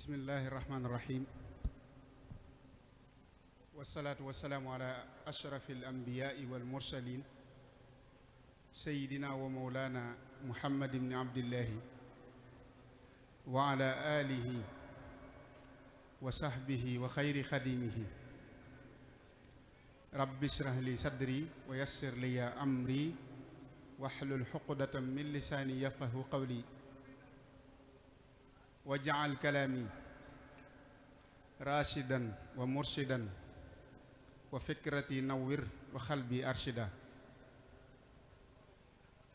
bismillahi irrahmani irrahim wasalaatu wasalaamu ala ashrafi alambiyaai walmursalin sayidina wa mawlana muhammad ibni abdillahi wa ala alihi wa sahbihi wa xayri xadimihi rabbi israh li sadri wa yassir li ya amri wahlul xuqdatan min lisaani yafqahu qawli waj'al kalaami raashidan wa murshidan wa fikrati nawwir wa xalbi arshida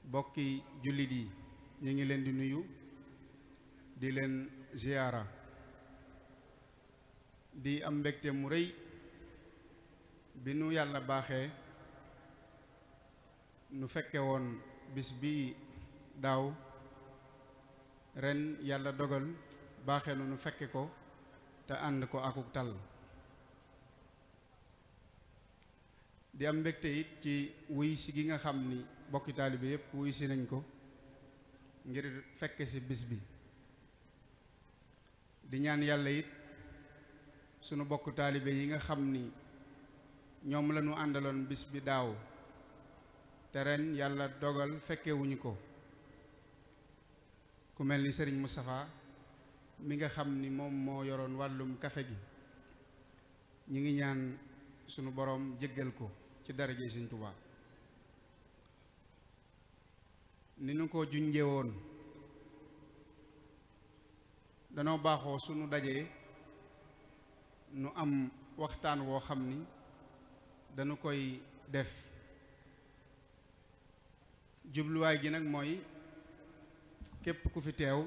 bokki jullit yi ñu ngi leen di nuyu di leen ziyaara di am mbégte mu rëy bi nu yàlla baaxee nu fekke woon bis bi daaw ren yàlla dogal baaxe na nu fekke ko te ànd ko akuk tal di am mbégte it ci wuy si gi nga xam ni bokki taalibe yépp wuy si nañ ko ngir fekke si bis bi di ñaan yàlla it sunu bokk taalibe yi nga xam ni ñoom la ñu àndaloon bis bi daaw te ren yàlla dogal fekkewuñu ko ku mel ni sëriñ Moustapha mi nga xam ni moom moo yoroon wàllum kafe gi ñi ngi ñaan sunu boroom jéggal ko ci dara daraje Sëriñ Tuubaa ni nu ko junje woon danoo baaxoo sunu dajee nu am waxtaan woo xam ni danu koy def jubluwaay gi nag mooy képp ku fi teew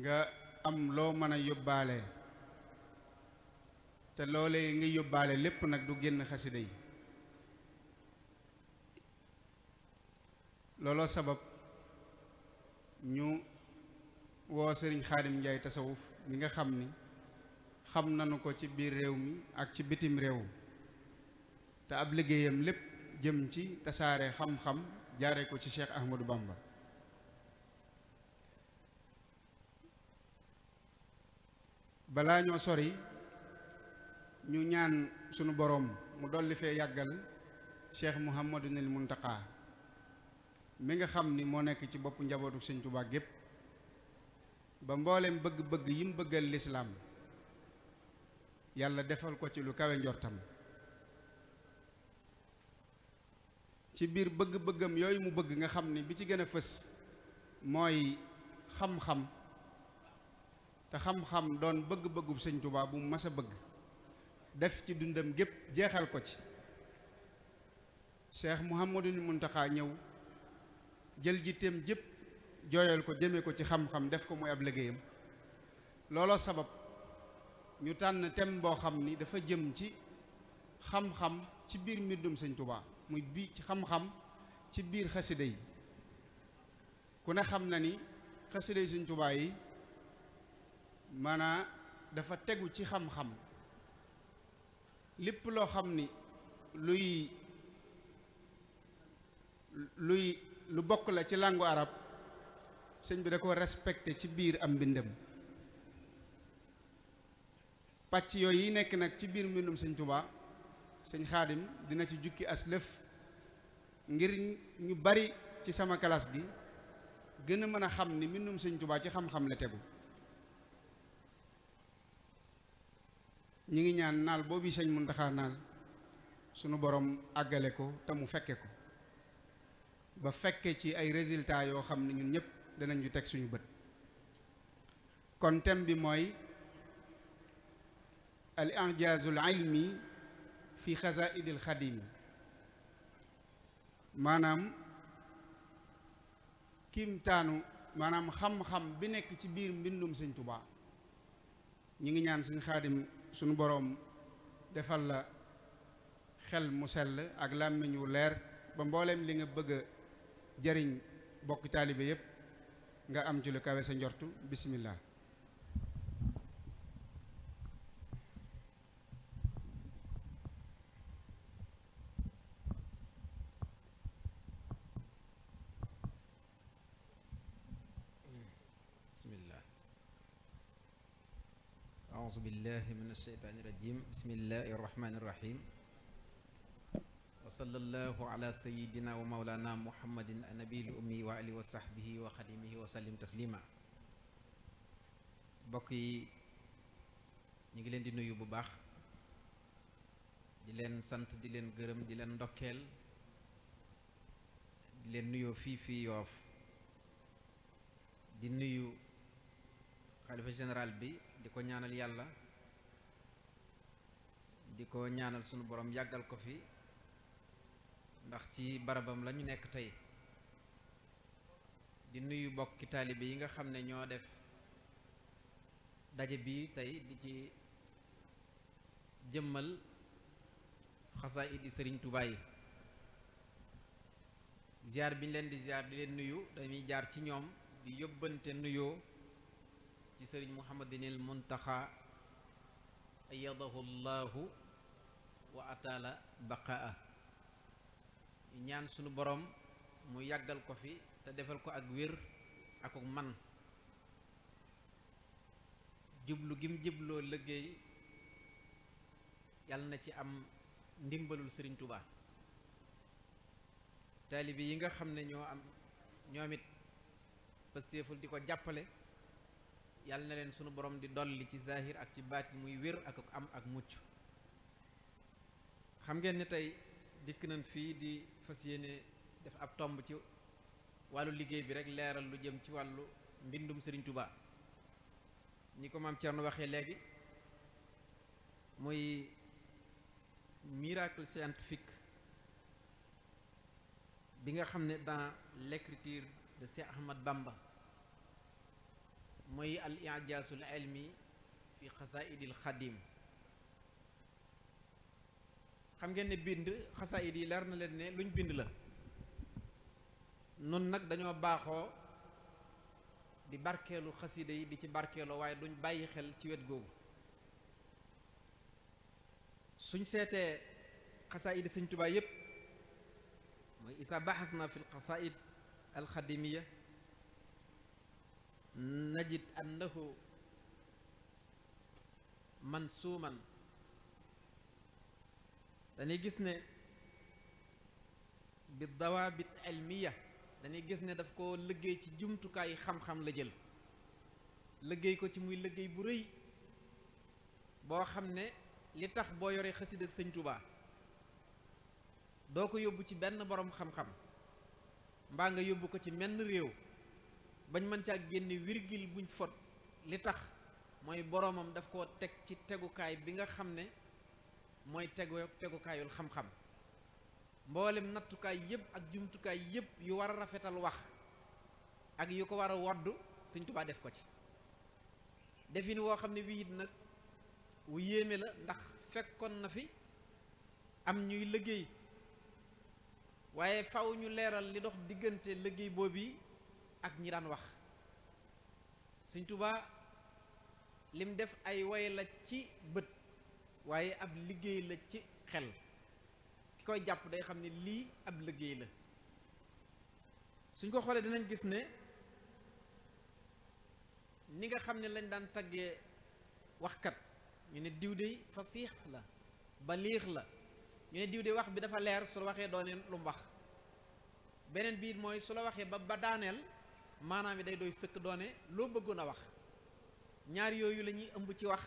nga am loo mën a yóbbaale te loolee nga yóbbaale lépp nag du génn xasida yi looloo sabab ñu woo sëriñ xaadim njaay tasawuf mi nga xam ni xam nanu ko ci biir réew mi ak ci bitim réew te ab liggéeyam lépp jëm ci tasaare xam-xam jaare ko ci Cheikh Ahmadou Bamba balaa ñoo sori ñu ñaan sunu boroom mu dolli fee yàggal Cheikh Mouhamadunil Muntaqa mi nga xam ni moo nekk ci boppu njabootu Sëñ Tuubaa gépp ba mboolem bëgg-bëgg yim bëggal lislaam yàlla defal ko ci lu kawe njortam ci biir bëgg-bëggam yooyu mu bëgg nga xam ni bi ci gën a fës mooy xam-xam te xam-xam doon bëgg-bëggub sëñ Tuubaa bu mu mas bëgg def ci dundam gépp jeexal ko ci Cheikh Mouhamadul Muntaxa ñëw jël jitteem jépp jooyal ko jëme ko ci xam-xam def ko muy ab liggéeyam looloo sabab ñu tànn tem boo xam ni dafa jëm ci xam-xam ci biir mbindum sëñ Tuubaa muy bi ci xam-xam ci biir xasida yi ku ne xam na ni xasida yi Sëñ Tuubaa yi maanaa dafa tegu ci xam-xam lépp loo xam ni luy luy lu bokk la ci làngu arab sëñ bi da ko respecté ci biir am mbindam pàcc yooyu yi nekk nag ci biir mbindum sëñ Tuubaa sëñ Xaadim dina ci jukki aslëf ngir ñu bari ci sama classe bi gën a mën a xam ni mbindum sëñ Tuubaa ci xam-xam la tegu ñi ngi ñaan naal boobu sëñ Muntaxa naal sunu borom àggale ko te mu fekke ko ba fekke ci ay résultats yoo xam ne ñun ñëpp danañ ñu teg suñu bët kon thème bi mooy al i'jaazul ilmi fi xasaa'idil xadimi maanaam kiimtaanu maanaam xam-xam bi nekk ci biir mbindum sëñ tubaa ñi ngi ñaan sëñ xaadim suñu boroom defal la xel mu sell ak làmmiñ wu leer ba mbooleem li nga bëgg a jariñ bokk taalibe yépp nga am ci lu kawe sa njortu bismillah أعوذ بالله من الشيطان الرجيم بسم الله الرحمن الرحيم وصلى الله على سيدنا ومولانا محمد النبي الأمي وآله وصحبه وخديمه وسلم تسليما mbokk yi ñu ngi leen di nuyu bu baax di leen sant di leen gërëm di leen ndokkeel di leen nuyoo fii fii yoof di nuyu xalifa général bi di ko ñaanal yàlla di ko ñaanal sunu borom yàggal ko fi ndax ci barabam la ñu nekk tey di nuyu bokki taalibe yi nga xam ne ñoo def daje bi tey di ci jëmmal xasaayid yi sëriñ Tuubaa yi bi ñu leen di ziar di leen nuyu dañuy jaar ci ñoom di yóbbante nuyoo ci sëriñ muhammadinil muntaxa ayadahu llahu wa ataala baqaa ñaan sunu borom mu yàggal ko fi te defal ko ak wér ak ak man jublu gim jubloo liggéey yàlla na ci am ndimbalul sëriñ Touba taalibe yi nga xam ne ñoo am ñoom it pastéeful di ko jàppale yàlla na leen sunu borom di dolli ci zahir ak ci baatin muy wér ak am ak mucc xam ngeen ni tey dikk nañ fii di fas yéene def ab tomb ci wàllu liggéey bi rek leeral lu jëm ci wàllu mbindum Serigne tubaa ñi ko maam Thierno waxee léegi muy miracle scientifique bi nga xam ne dans lekritiir de Cheikh Ahmad Bamba mooy al ijaasul ilmi fi xasaidil xadim xam ngeen ni bind xasaid yi leer na leen ne luñ bind la noon nag dañoo baaxoo di barkeelu xasida yi di ci barkeeloo waaye duñ bàyyi xel ci wet googu suñ seetee xasaid sëñ Tuubaa yépp mooy isa baxas na fi l xasaid alxadimiya najit najid man mansuuman dañuy gis ne bi dawaabit ilmiya dañuy gis ne daf ko liggéey ci jumtukaay xam-xam la jël liggéey ko ci muy liggéey bu rëy boo xam ne li tax boo yore xasida ak sëñ Tuubaa doo ko yóbbu ci benn boroom xam-xam mbaa nga yóbbu ko ci menn réew bañ mën caa génne virgule buñ fot li tax mooy boroomam daf ko teg ci tegukaay bi nga xam ne mooy tegu tegukaayul xam-xam mboolem nattukaay yépp ak jumtukaay yépp yu war a rafetal wax ak yu ko war a wodd Sëñ Tuubaa def ko ci defin woo xam ne wii it nag wu yéeme la ndax fekkoon na fi am ñuy liggéey waaye faw ñu leeral li dox diggante liggéey boobu ak ñi daan wax Sëñ Tuubaa lim def ay woy la ci bët waaye ab liggéey la ci xel ki koy jàpp day xam ne lii ab liggéey la suñ ko xoolee dinañ gis ne ni nga xam ne lañ daan taggee waxkat ñu ne diw dey fasiix la baliix la ñu ne diw dey wax bi dafa leer su la waxee dooneen lu mu beneen biir mooy su la waxee ba ba maanaam yi day doy sëkk doone loo bëggoon a wax ñaar yooyu la ñuy ëmb ci wax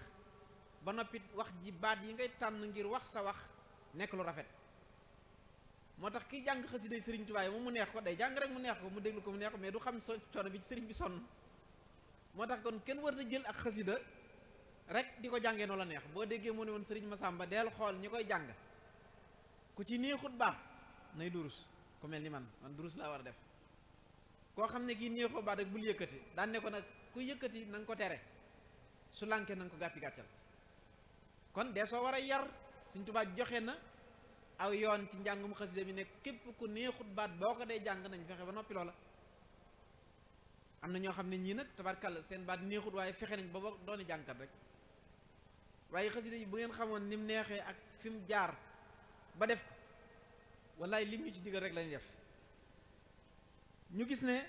ba noppit wax ji baat yi ngay tànn ngir wax sa wax nekk lu rafet moo tax kiy jàng xasida sëriñ Tuubaa yi mu neex ko day jàng mu neex mu déglu ko mu neex mais du xam so coono bi ci sëriñ bi sonn moo tax kon kenn warta jël ak xasida rek di ko jàngee noo la neex boo déggee mu ne woon sëriñ ma sàmba deel xool ñi koy jàng ku ci neexut baax nay durus ku mel ni man man durus laa war a def koo xam ne kii néexoo baat rek bul yëkkati daan ne ko nag ku yëkkati na ko tere su lànkee na nga ko gàcci gàccal kon de soo war a yar Sëñ tubaat joxe na aw yoon ci njàngum xasida bi ne képp ku neexut baat boo ko dee jàng nañ fexe ba noppi loola am na ñoo xam ne ñii nag tabarkàlla seen baat neexut waaye fexe nañ ba ba dooni jàngkat rek waaye xasida yi bu ngeen xamoon ni mu neexee ak fi mu jaar ba def ko wallaay lim ñu ci digal rek lañu def ñu gis ne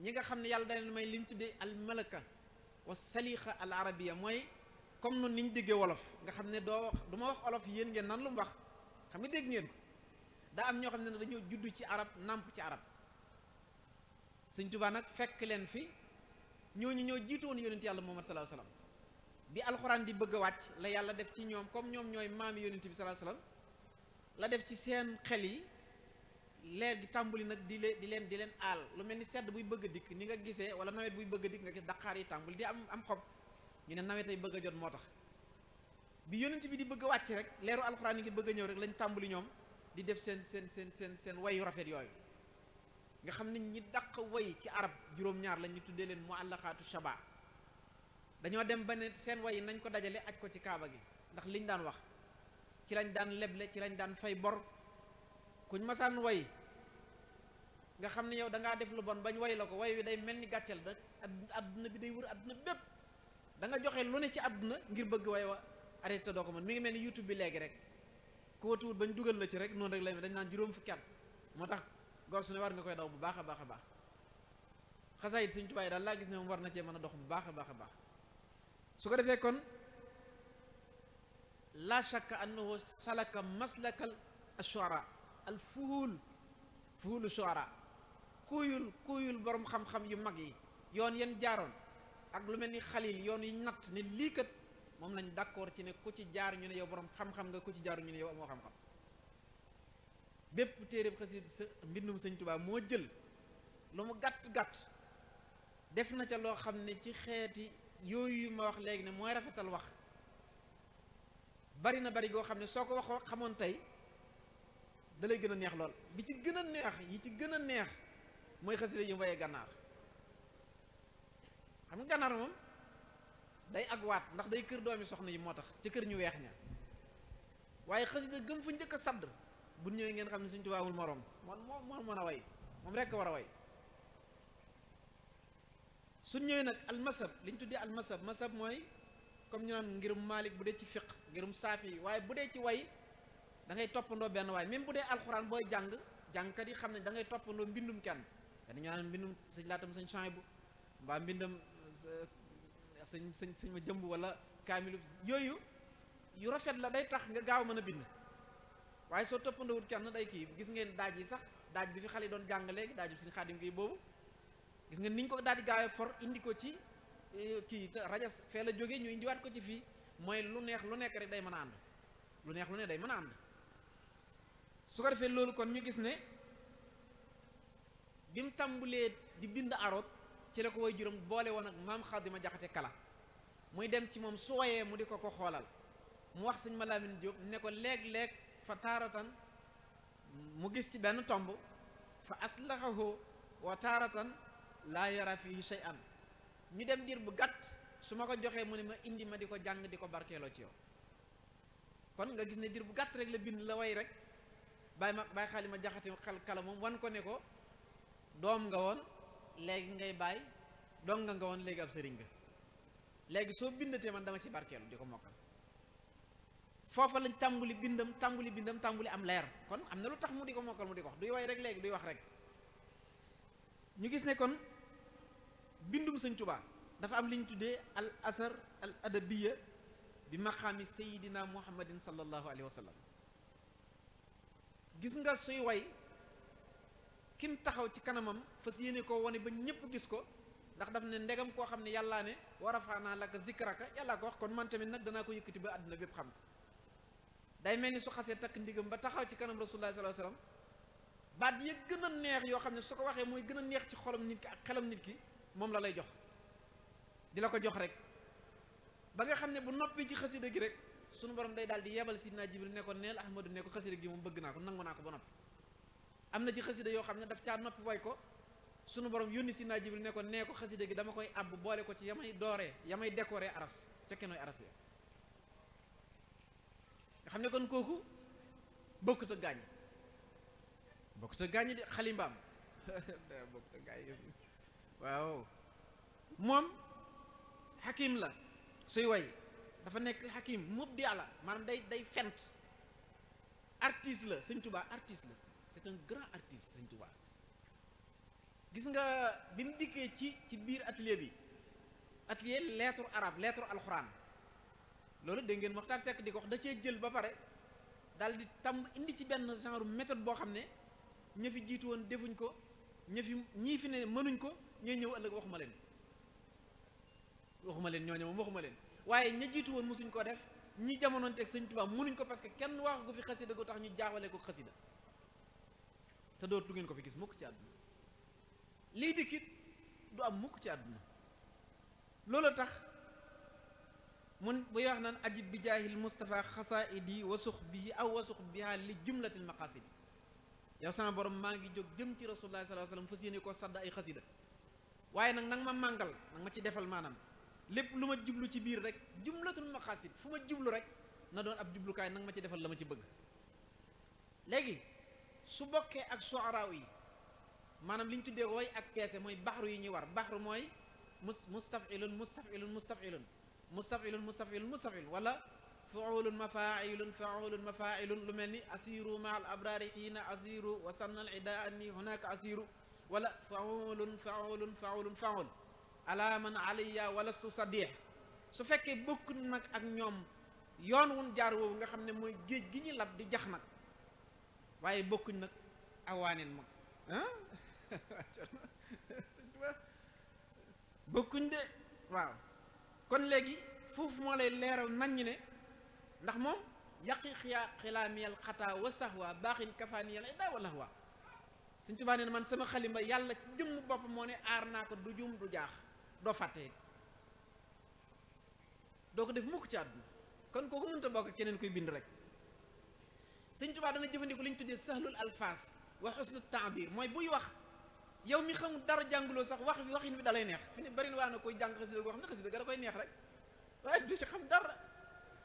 ñi nga xam ne yàlla da leen may li ñu tuddee wa salixa al arabia mooy comme noonu ni ñu déggee wolof nga xam ne doo wax du wax olof yéen ngeen nan lu mu wax xam nga dégg ngeen ko daa am ñoo xam ne ne dañoo judd ci arab nàmp ci arab Sëñ Tuubaa nag fekk leen fi ñooñu ñoo jiitoon yonent yàlla Muhammad salaahu salaam bi alxuraan di bëgg wàcc la yàlla def ci ñoom comme ñoom ñooy maami yonent bi salaahu salaam la def ci seen xel yi leer gi tàmbali nag di leen di leen di leen aal lu mel ni sedd buy bëgg a dikk ni nga gisee wala nawet buy bëgg a dikk nga gis daqaar yi tàmbali di am am xob ñu ne nawet ay bëgg a jot moo tax bi yonent bi di bëgg wàcc rek leeru alxuraan yi bëgg a ñëw rek lañ tàmbali ñoom di def seen seen seen seen seen wayu rafet yooyu nga xam ne ñi daq way ci arab juróom-ñaar la tuddee leen muallaqaatu shaba dañoo dem ba ne seen yi nañ ko dajale aj ko ci kaaba gi ndax liñ daan wax ci lañ daan leble ci lañ daan fay bor kuñ masaan woy nga xam ne yow da ngaa def lu bon bañ way la ko way wi day mel ni gàcceel da adduna bi day wër àdduna bépp da nga joxe lu ne ci àdduna ngir bëgg way wa arrêté doo ko man mi ngi mel ni YouTube bi léegi rek ku watuwut bañ dugal la ci rek noonu rek lay mel dañ naan juróom fukki at moo tax gor su ne war nga koy daw bu baax a baax a baax xasaayit Sëñ Tuubaa yi daal laa gis ne moom war na cee mën a dox bu baax a baax a baax su ko defee kon la shakka annahu salaka maslakal ashuara al fuhul fuhulu shuara kuuyul kuuyul borom xam-xam yu mag yi yoon yen jaaroon ak lu mel ni xalil yoon yu natt ne lii moom lañ d'accord ci ne ku ci jaar ñu ne yow boroom xam-xam nga ku ci jaaru ñu ne yow amoo xam-xam bépp téereb xasiid sa mbindum sëñ Tuubaa moo jël lu mu gàtt-gàtt def na ca loo xam ne ci xeeti yooyu ma wax léegi ne mooy rafetal wax bari na bari goo xam ne soo ko waxoo xamoon tey dalay gën a neex lool bi ci gën a neex yi ci gën a neex mooy xasida yi waye gànnaar xam nga gànnaar moom day ak waat ndax day kër doomi soxna yi moo tax ci kër ñu weex ña waaye xasida gëm fu njëkk a sadd bu ñëwee ngeen xam ne suñ tubaabul morom moom moo moo mën a way moom rekk war a way suñ ñëwee nag almasab li ñu tuddee almasab masab mooy comme ñu naan ngirum Malik bu dee ci fiq ngirum saafi waaye bu dee ci way da ngay toppandoo benn waay même bu dee alxuraan booy jàng jàngkat yi xam ne da ngay toppandoo mbindum kenn dañu naan sëñ laatam sëñ chang bu mbindam euh, sëñ sëñ sëñ ma jëmb wala kaamilu yooyu yu rafet la day tax nga gaaw mën a bind waaye soo toppandoowut kenn day kii gis ngeen daaj yi sax daaj bi fi xale yi doon jàng léegi daaj bi xaadim gi boobu gis ngeen niñ ko daal di gaawee for indi ko ci euh, kii rajas fee la jóge ñu indiwaat ko ci fii mooy lu neex lu nekk rek day mën a ànd lu neex lu ne day mën a ànd su ko defee loolu kon ñu gis ne bi mu tàmbulee di bind arot ci la ko way juróom boole woon ak maam xaadima jaxate kala muy dem ci moom su wayee mu di ko ko xoolal mu wax sëñ Malamine Diop ne ko léeg-léeg fa taaratan mu gis ci benn tomb fa aslahahu wa taaratan laa yara fihi am ñu dem diir bu gàtt su ma ko joxee mu ne ma indi ma di ko jàng di ko barkeeloo ci yow kon nga gis ne diir bu gàtt rek la bind la way rek baay ma bàyyi xaalima jaxati xal kala moom wan ko ne ko doom nga woon léegi ngay bàyyi doom nga nga woon léegi ab sëriñ nga léegi soo bindatee man dama ci barkeelu di ko mokkal foofa lañ tàmbuli bindam tàmbuli bindam tàmbuli am leer kon am na lu tax mu di ko mokkal mu di ko wax duy way rek léegi duy wax rek ñu gis ne kon bindum sëñ Tuubaa dafa am li ñu tuddee al asar al adabiya bi maqaami sayidina muhammadin sallallahu alayhi wa sallam gis nga suy way kim taxaw ci kanamam fas yéene ko wone ba ñëpp gis ko ndax daf ne ndegam koo xam ne yàllaa ne war a faanaa laka zikraka ko wax kon man tamit nag danaa ko yëkkati ba àddina bépp xam ko day mel ni su xasee takk ndigam ba taxaw ci kanam rasulullah sallallahu alayhi wasallam baat ya gën a neex yoo xam ne su ko waxee mooy gën a neex ci xolam nit ki ak xelam nit ki moom la lay jox di la ko jox rek ba nga xam ne bu noppi ci xasida gi rek suñu borom day daal di yebal naa jibril ne ko neel ahmadu ne ko xasida gi moom bëgg naa ko nangu naa ko ba noppi am na ci xasida yoo xam ne daf caa noppi way ko sunu borom yónni sidna jibril ne ko nee ko xasida gi dama koy àbb boole ko ci yamay dooree yamay décoré aras ca kenooy aras ya nga xam ne kon kooku bokkut a gaañ bokkut a gaañ di xalimbaam bokkut a gaañ moom xakim la suy way dafa nekk hakim mub bi àlla maanaam day day fent artiste la sëñ tubaa artiste la c'est un grand artiste sëñ tubaa gis nga bi mu dikkee ci ci biir atelier bi atelier lettre arabe lettre alxuraan loolu dégg ngeen Moxtaar Sekk di ko wax da cee jël ba pare daal di tàmb indi ci benn genre méthode boo xam ne ñëfi fi jiitu woon defuñ ko ña ñii fi ne mënuñ ko ñooy ñëw ëllëg waxuma leen waxuma leen ñooñu moom waxuma leen waaye ña jiitu woon mosuñ koo def ñi jamonoon teg sëñ Tuubaa mënuñ ko parce que kenn wax ko fi xasida gu tax ñu jaaxale ko xasida te dootu ngeen ko fi gis mukk ci àdduna lii dikkit du am mukk ci àdduna loolu tax mun buy wax naan ajib bi jaahil Moustapha xasaidi wa sux bii aw wa sux biha li jumlatil maqasidi yow sama borom maa ngi jóg jëm ci rasulullah sallallahu alayhi wasallam fas yéene koo sadd ay xasida waaye nag nag ma màngal nag ma ci defal maanaam lépp lu ma jublu ci biir rek jumlatul maqasid fu ma jublu rek na doon ab jublukaay nanga ma ci defal la ma ci bëgg léegi su bokkee ak soaraaw yi maanaam li ñu tuddee roy ak peese mooy baxru yi ñuy war baxru mooy mus mustafilun mustafilun mustafilun mustafilun mustafilun mustafil wala fuulun mafailun fuulun mafailun lu mel ni asiru ma al abrari xiina asiru wa sannal ida anni hunaka asiru wala faulun faulun faulun faul ala man alayya wala su sa su fekkee bokk nag ak ñoom yoon wun jaar woowu nga xam ne mooy géej gi ñuy lab di jax nag waaye bokkuñ nag awaaneen mag ah bokkuñ de waaw kon léegi foofu moo lay ne ndax moom yàqi xiyaa xilaamiyal xataa wa sahwa baaxin kafaaniyal ay daa wala waa suñ man sama xalima yàlla ci jëmm bopp moo ne aar naa ko du jum du jaax doo fàtte doo ko def mukk ci àdduna kon kooku mënta bokk keneen koy bind rek sëñ Tuubaa dana jëfandiku li ñu tuddee sahlul alfaas wa xusnu taabir mooy buy wax yow mi xamul dara jànguloo sax wax bi waxin bi dalay neex fi ne bari na waa na koy jàng xasida goo xam ne xasida ga koy neex rek waaye du ci xam dara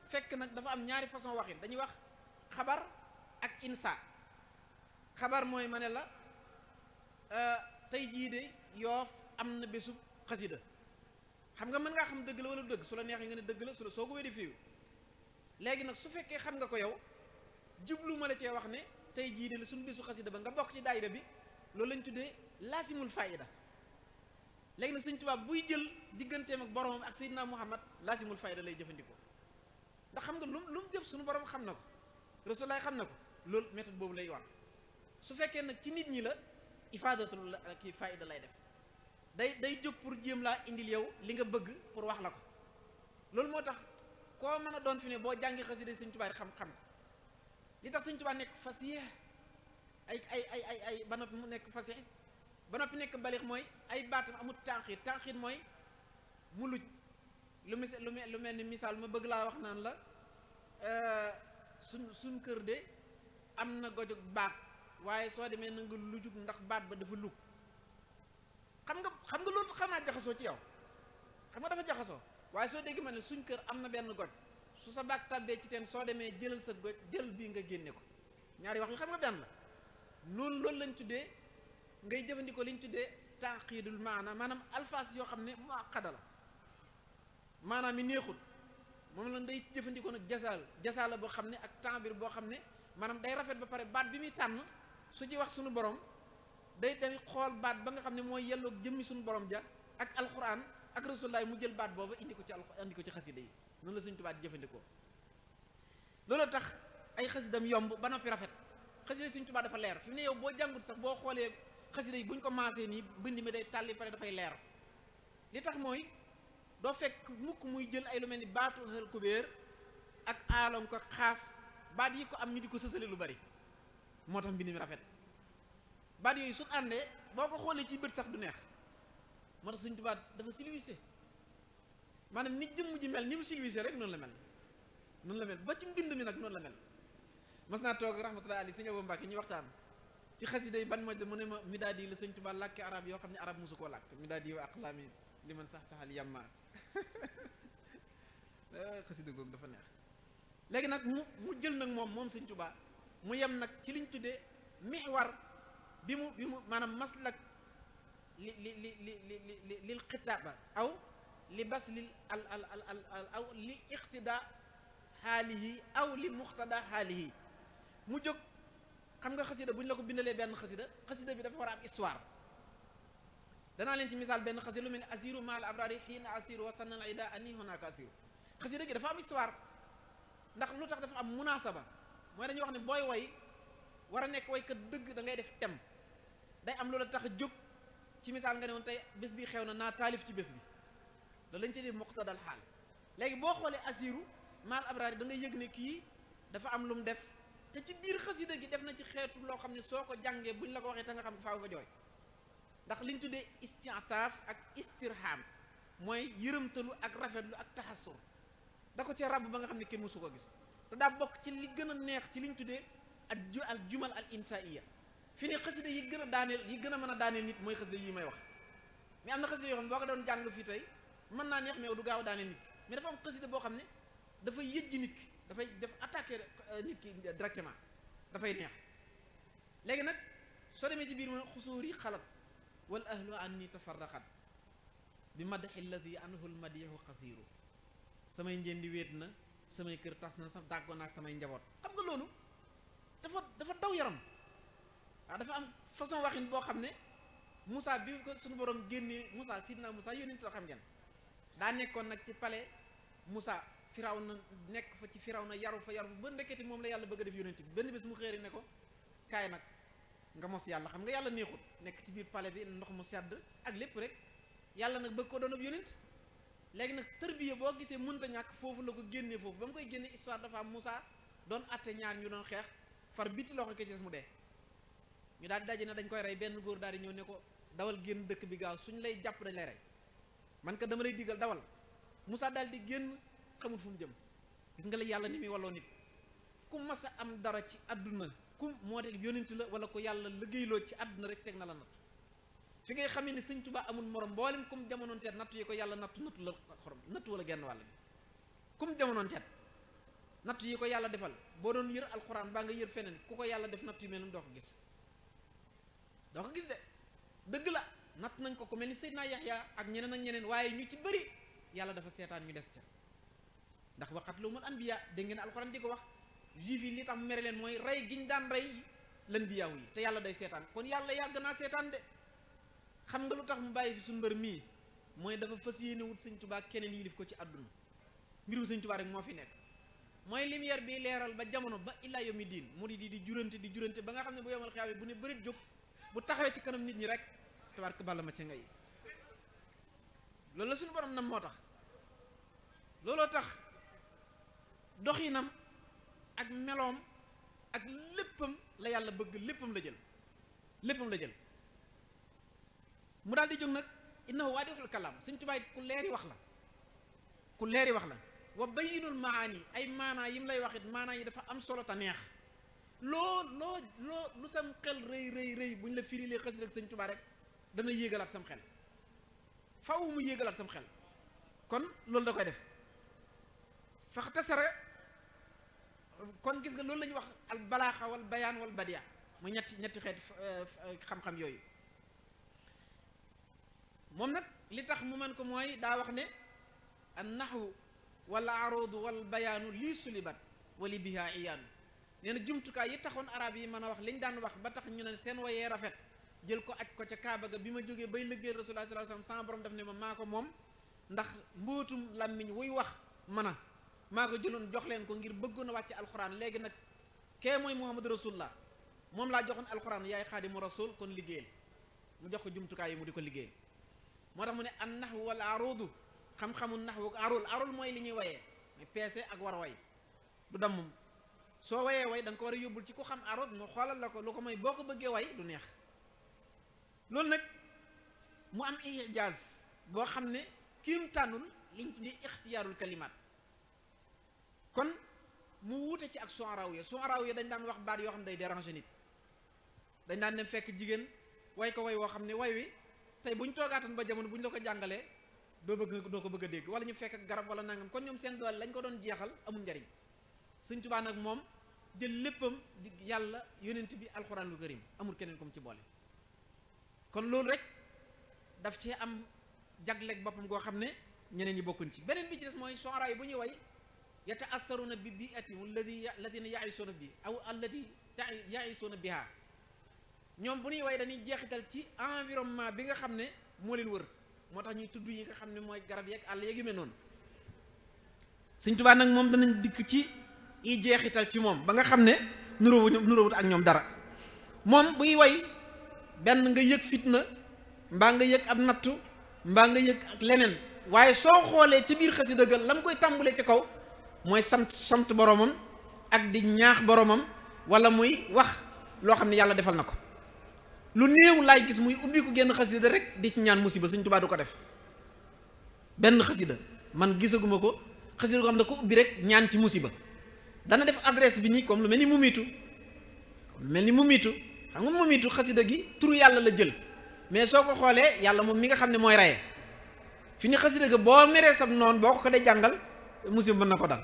fekk nag dafa am ñaari façon waxin dañuy wax xabar ak insa xabar mooy ma ne la euh, tey jii de yoof am na bésu xasida xam nga mën ngaa xam dëgg la wala dëgg su la neex neexee nga ne dëgg la su la soo ko wéddi fiiw léegi nag su fekkee xam nga ko yow jublu ma la cee wax ne tey jii de la suñu bisu xasida ba nga bokk ci daayira bi loolu lañ tuddee laasimul faayida léegi nag sëñ Tuubaa buy jël digganteem ak boromam ak Seydina Muhammad laasimul faayida lay jëfandikoo ndax xam nga lu lu mu jëf suñu borom xam na ko Rasulaay xam na ko loolu méthode boobu lay war su fekkee nag ci nit ñi la ifaadatul kii faayida lay def day day jóg pour jéem laa indil yow li nga bëgg pour wax la ko loolu moo tax koo mën a doon fi ne boo jàngi xasida sëñ Tuubaa xam-xam ko li tax sëñ Tuubaa nekk fas yi ay ay ay ay ba mu nekk fasih ba noppi nekk balix mooy ay baatam amul tànqit tànqit mooy mu luj lu mis lu mel ni misaal ma bëgg laa wax naan la euh, suñ suñ kër de am na gojug baat waaye soo demee nanga nga ndax baat ba dafa lug xam nga xam nga loolu xam naa jaxasoo ci yow xam nga dafa jaxasoo waaye soo dégg ma ne suñ kër am na benn goj su sa baag tàbbee ci teen soo demee jëlal sa goj jël bii nga génne ko ñaari wax yu xam nga benn la loolu loolu lañ tuddee ngay jëfandikoo liñ tuddee tànqiidul maana maanaam alfaas yoo xam ne mu àqada la maanaam mi neexut moom la day jëfandikoo nag jasaal jasaala boo xam ne ak temps boo xam ne maanaam day rafet ba pare baat bi muy tànn su ci wax suñu borom day dem xool baat ba nga xam ne mooy yelloog jëmmi suñu borom ja ak alxuraan ak rasulullaay mu jël baat booba indi ko ci al indi ko ci xasida yi noonu la suñ tubaat di jëfandikoo loolu tax ay xasidam yomb ba noppi rafet xasida suñ tubaat dafa leer fi mu ne yow boo jàngut sax boo xoolee xasida yi buñ ko maasee nii bind mi day tàlli pare dafay leer li tax mooy doo fekk mukk muy jël ay lu mel ni baatu xel kubéer ak aalom ko xaaf baat yi ko am ñu di ko sësale lu bari moo tax mbind mi rafet baat yooyu suñ àndee boo ko xoolee ci bët sax du neex moo tax Sëñ Tuubaa dafa silvisé maanaam ni jëmm ji mel ni mu silvisé rek noonu la mel noonu la mel ba ci mbind mi nag noonu la mel mas naa toog rahmatullah ali sëñ Abou Mbacke ñu waxtaan ci xasida yi ban mooy de mu ne ma midaad yi la Sëñ Tuubaa làkke arab yoo xam ne arab mosu koo làkk midaad yi wa aqlaami li man sax saxal yamma eh, xasida googu dafa neex léegi nag mu mu jël nag moom moom Sëñ Tuubaa mu yem nag ci liñ tuddee mixwar bi mu bi mu maanaam maslak li li li li li li lil xitaaba aw li bas lil al al al al aw li iqtida xaalihi aw li muqtada xaalihi mu jóg xam nga xasida bu ñu la ko bindalee benn xasida xasida bi dafa war a am histoire danaa leen ci misaal benn xasida lu mel ne asiru maal abrari xiina asiru wa sanal ida ani honaka asiru xasida gi dafa am histoire ndax lu tax dafa am munasaba mooy dañuy wax ne booy woy war a nekk woykat dëgg da ngay def thème day am loola tax a jóg ci misaal nga ne woon tey bés bi xew na naa taalif ci bés bi loolu lañ ci dee muqtadal xaal léegi boo xoolee asiru maal abraar da ngay yëg ne kii dafa am lu mu def te ci biir xasida gi def na ci xeetu loo xam ne soo ko jàngee bu buñ la ko waxee te nga xam faaw nga jooy ndax liñ tuddee istiataaf ak istirham mooy yërëmtalu ak rafetlu ak taxasur da ko ci ràbb ba nga xam ne kenn mësu ko gis te daa bokk ci li gën a neex ci liñ tuddee ak al jumal al insaiya fi ne xasida yi gën a daaneel yi gën a mën a daaneel nit mooy xasida yi may wax mais am na xasida yoo xam ne doon jàng fii tey mën naa neex mais du gaaw a daaneel nit mais dafa am xasida boo xam ne dafay yëjji nit ki dafay def attaquer euh, nit ki directement dafay neex léegi nag soo demee ci biir mu ne xusuur yi xalat wal ahlu an far tafarraxat bi madaxi alladi anhu l madixu xasiiru samay njeen di wéet na samay kër tas na sax dàggoo ak samay njaboot xam nga loolu dafa dafa daw yaram waaw ah, dafa am façon waxin boo xam ne Moussa bi ko suñu borom génnee Moussa sidna Moussa yónent la xam ngeen daa nekkoon nag ci pale Moussa firaw na nekk fa ci firaw na yaru fa yaru fa ba ndekete moom la yàlla bëgg def yónent bi benn bés mu xëy ne ko kaay nag nga mos yàlla xam nga yàlla neexut nekk ci biir palais bi ndox mu sedd ak lépp rek yàlla nag bëgg ko doon ab yónent léegi nag tërbiya boo gisee mënta ñàkk foofu la ko génnee foofu ba mu koy génnee histoire dafa am musa doon atte ñaar ñu doon xeex far biti loxo ko ci mu dee ñu daal di daje ne dañ koy rey benn góor daal di ñëw ne ko dawal génn dëkk bi gaaw suñ lay jàpp dañ lay rey man ko dama lay digal dawal Moussa daal di génn xamul fu mu jëm gis nga la yàlla ni muy walloo nit ku mas a dara ci àdduna ku moo tax yonent la wala ko yàlla liggéeyloo ci àdduna rek teg na la natt fi ngay xamee ne sëñ Tuubaa amul morom mboolem kum jamonoon teet nattu yi ko yàlla nattu nattu la xorom wala genn wàll bi kum jamonoon teet nattu yi ko defal boo doon yër alxuraan baa nga yër feneen ku ko yàlla def nattu yi mel noonu doo ko gis doo ko gis de dëgg la natt nañ ko ko mel ni Seydina Yaxya ak ñeneen ak ñeneen waaye ñu ci bëri yàlla dafa seetaan ñu des ca ndax waxat lu mul anbiya dégg ngeen alxuraan di ko wax juif yi li tax mu mere leen mooy rey gi giñ daan rey lanbiyaaw yi te yàlla day seetaan kon yàlla yàgg naa seetaan de xam nga lu tax mu bàyyi fi su mbër mii mooy dafa fas yéene wut sëñ tubaa keneen yilif ko ci àdduna mbirum sëñ tubaa rek moo fi nekk mooy lumière bi leeral ba jamono ba illaa yomi jurante di jurante ba nga xam ne bu yomal bu ne bërit jóg bu taxawee ci kanam nit ñi rek tabaar ka bàlla ma ca ngay loolu la suñu borom nam moo tax looloo tax doxinam ak meloom ak léppam la yàlla bëgg léppam la jël léppam la jël mu daal di jóg nag innahu waadihul kalaam suñ tubaay ku leeri wax la ku leeri wax la wa bayinul maani ay maanaa yi mu lay wax maanaa yi dafa am solo ta neex loo loo loo lu sam xel rëy rëy rëy bu ñu la firilee xas rek sëñ Tuubaa rek dana yéegalaat sam xel faw mu yéegalaat sam xel kon loolu da koy def faxtasara kon gis nga loolu la ñuy wax al balaaxa wal bayaan wal badia mu ñetti ñetti xeet eh, eh, xam-xam yooyu moom nag li tax mu mën ko mooy daa wax ne an naxwu wal arudu wal bayaanu lii sulibat wali biha iyaanu nee jumtukaay yi taxoon arab yi mën a wax liñ daan wax ba tax ñu ne seen woyee rafet jël ko ak ko ca kaaba ga bi ma jógee bay liggéey rasulullah sallallahu alayhi wasallam sama borom daf ne ma maa ko moom ndax mbootum làmmiñ wuy wax mën a maa ko jëloon jox leen ko ngir bëggoon a wàcce alxuraan léegi nag kee mooy muhammad la moom laa joxoon alxuraan yaay xaadimu rasul kon liggéeyal mu jox ko jumtukaay yi mu di ko liggéey moo tax mu ne an nahwu wal arudu xam-xamu nahwu arul arul mooy li ñuy wayee peese ak war way du soo woyee way da ko war a yóbbul ci ku xam arab mu xoolal la ko lu ko mooy boo ko bëggee way du neex loolu nag mu am ijaaz boo xam ne kiim tànnul liñ di ixtiyaarul kalimaat kon mu wuute ci ak sonraw ya raw ya dañ daan wax baat yoo xam ne day déranger nit dañ daan dem fekk jigéen way ko way woo xam ne woy wi tey bu ñu toogaatan ba jamono bu ñu la ko jàngalee doo bëgg doo ko bëgg a dégg wala ñu fekk ak garab wala nangam kon ñoom seen doole lañ ko doon jeexal amul njariñ Sëñ Tuubaa nag moom jël léppam digg yàlla yonent bi alxuraanul karim amul keneen kom ci boole kon loolu rek daf ci am jagleeg boppam goo xam ne ñeneen yi bokkuñ ci beneen bi ci des mooy soxaraa yi bu ñuy way yataassaruuna bi biatihim alladi alladina yaisuuna bi aw allati yaisuuna biha ñoom bu ñuy way dañuy jeexital ci environnement bi nga xam ne moo leen wër moo tax ñuy tudd yi nga xam ne mooy garab yeeg àll yeeg yu mel noonu Sëñ nag moom danañ dikk ci yi jeexital ci moom ba nga xam ne nuróowu nuróowut ak ñoom dara moom buy way benn nga yëg fitna mbaa nga yëg ab nattu mbaa nga yëg ak leneen waaye soo xoolee ci biir xasida ga la mu koy tàmbulee ci kaw mooy sant sant boromam ak di ñaax boromam wala muy wax loo xam ne yàlla defal na ko lu néew laay gis muy ubbi ko génn xasida rek di ci ñaan musiba suñ tubaa du ko def benn xasida man gisaguma ko xasida ko xam ne ko ubbi rek ñaan ci musiba dana def adresse bi nii comme lu mel ni mumitu mel ni mumitu xam nga mumitu xasida gi turu yàlla la jël mais soo ko xoolee yàlla moom mi nga xam ne mooy raye fi ni xasida gi boo meree sam noonu boo ko ko dee jàngal musiba mën na ko dal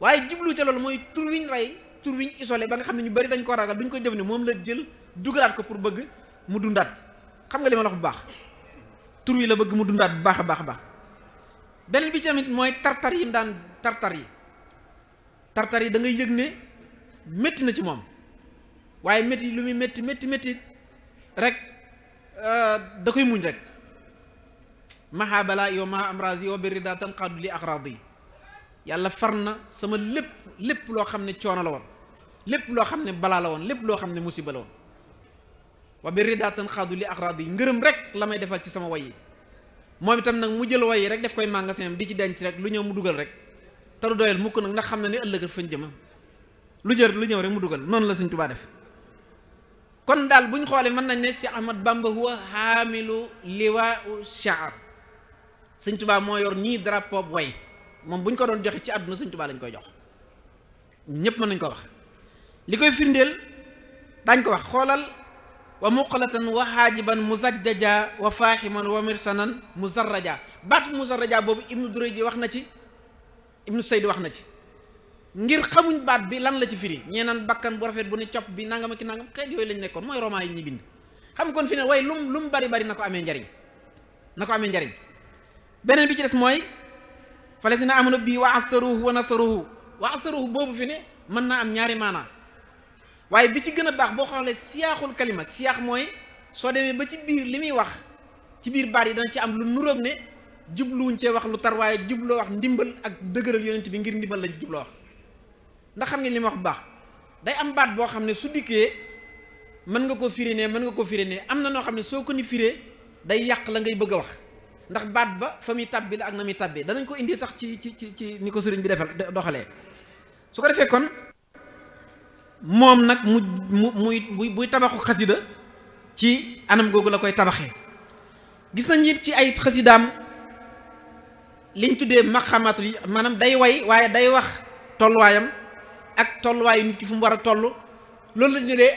waaye jublu ca loolu mooy tur wiñ rey tur wiñ isolé ba nga xam ne ñu bari dañ ko ragal duñ ko jëf ne moom la jël dugalaat ko pour bëgg mu dundaat xam nga li ma wax bu baax tur wi la bëgg mu dundaat bu baax a baax a baax beneen bi ci tamit mooy tartar yi daan tartar yi tartar yi da yëg ne métti na ci moom waaye métti lu muy metti métti métti rek euh, da koy muñ rek maha bala yow maha amradi yow birri daa tanqaadu li axraadi yàlla far na sama lépp lépp loo xam ne coono la woon lépp loo xam ne balaa la woon lépp loo xam ne musiba la woon wa birri daa tanqaadu li axraadi ngërëm rek la may defal ci sama way yi moom itam nag mu jël way yi rek def koy magasin di ci denc rek lu ñëw mu dugal rek te du doyal mukk nag ndax xam na ni ëllëg fañ jëma lu jër lu ñëw rek mu dugal noonu la Sëñ Tuubaa def kon daal buñ xoolee mën nañ ne Cheikh Ahmad Bamba huwa haamilu liwaau shaar Sëñ Tuubaa moo yor nii drapeau way moom buñ ko doon joxe ci àdduna Sëñ Tuubaa lañ koy jox ñépp mën nañ ko wax li koy firndeel dañ ko wax xoolal wa muqalatan wa haajiban muzajjaja wa faaximan wa mirsanan muzarraja baat muzarraja boobu ibnu Duray ji wax na ci ibnu sayd wax na ci ngir xamuñ baat bi lan la ci firi ñee naan bakkan bu rafet bu ne copp bi nangam ak nangam xeet yooyu lañu nekkoon mooy roman yi ñu bind xam kon fi ne waaye lum lu mu bari bari na ko amee njariñ na ko amee njariñ beneen bi ci des mooy falasina amanu bii wa asaruhu wa nasaruhu wa asaruhu boobu fi ne mën naa am ñaari maanaa waaye bi ci gën a baax boo xoolee siyaaxul kalima siyaax mooy soo demee ba ci biir li muy wax ci biir baat yi dana ci am lu nuróog ne jubluwuñ cee wax lu tar jubloo wax ndimbal ak dëgëral yonent bi ngir ndimbal lañ jubloo wax ndax xam ngeen li wax bu baax day am baat boo xam ne su dikkee mën nga ko firé ne mën nga ko firé ne am na noo xam ne soo ko ni firé day yàq la ngay bëgg a wax ndax baat ba fa muy tàbbi la ak na muy tàbbee danañ ko indi sax ci ci ci ci ni ko sëriñ bi defal doxalee su ko defee kon moom nag mu mu muy buy tabaxu xasida ci anam googu la koy tabaxee gis nañ it liñ tuddee maqamatul maanaam day way waaye day wax tolluwaayam ak tolluwaayu nit ki fu mu war a toll loolu la ñu dee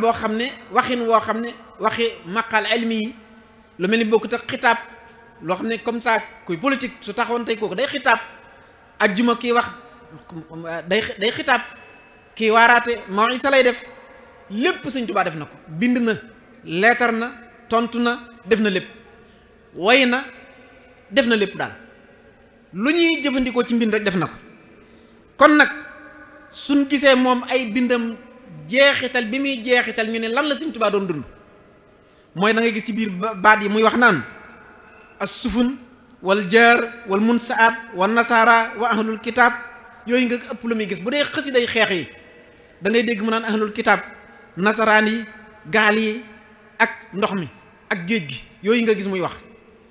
boo xam ne waxin woo xam ne waxi maqaal elmi yi lu mel ni bokkut ak xitaab loo xam ne comme ça kuy politique su taxawoon tey kooku day xitaab ajjuma ki wax day day xitaab kii waaraate moo isa lay def lépp sëñ Tuubaa def na ko bind na leetar na tontu na def na lépp way na def na lépp daal lu ñuy jëfandikoo ci mbind rek def na ko kon nag suñ gisee moom ay bindam jeexital bi muy jeexital ñu ne lan la Sëñ doon dund mooy da ngay gis ci biir baat yi muy wax naan as sufun wal jaar wal munsaat wal nasaara wa ahlul kitaab yooyu nga ëpp lu muy gis bu dee xasiday xeex yi da ngay dégg mu naan ahlul kitaab nasaraan yi gaal yi ak ndox mi ak géej gi yooyu nga gis muy wax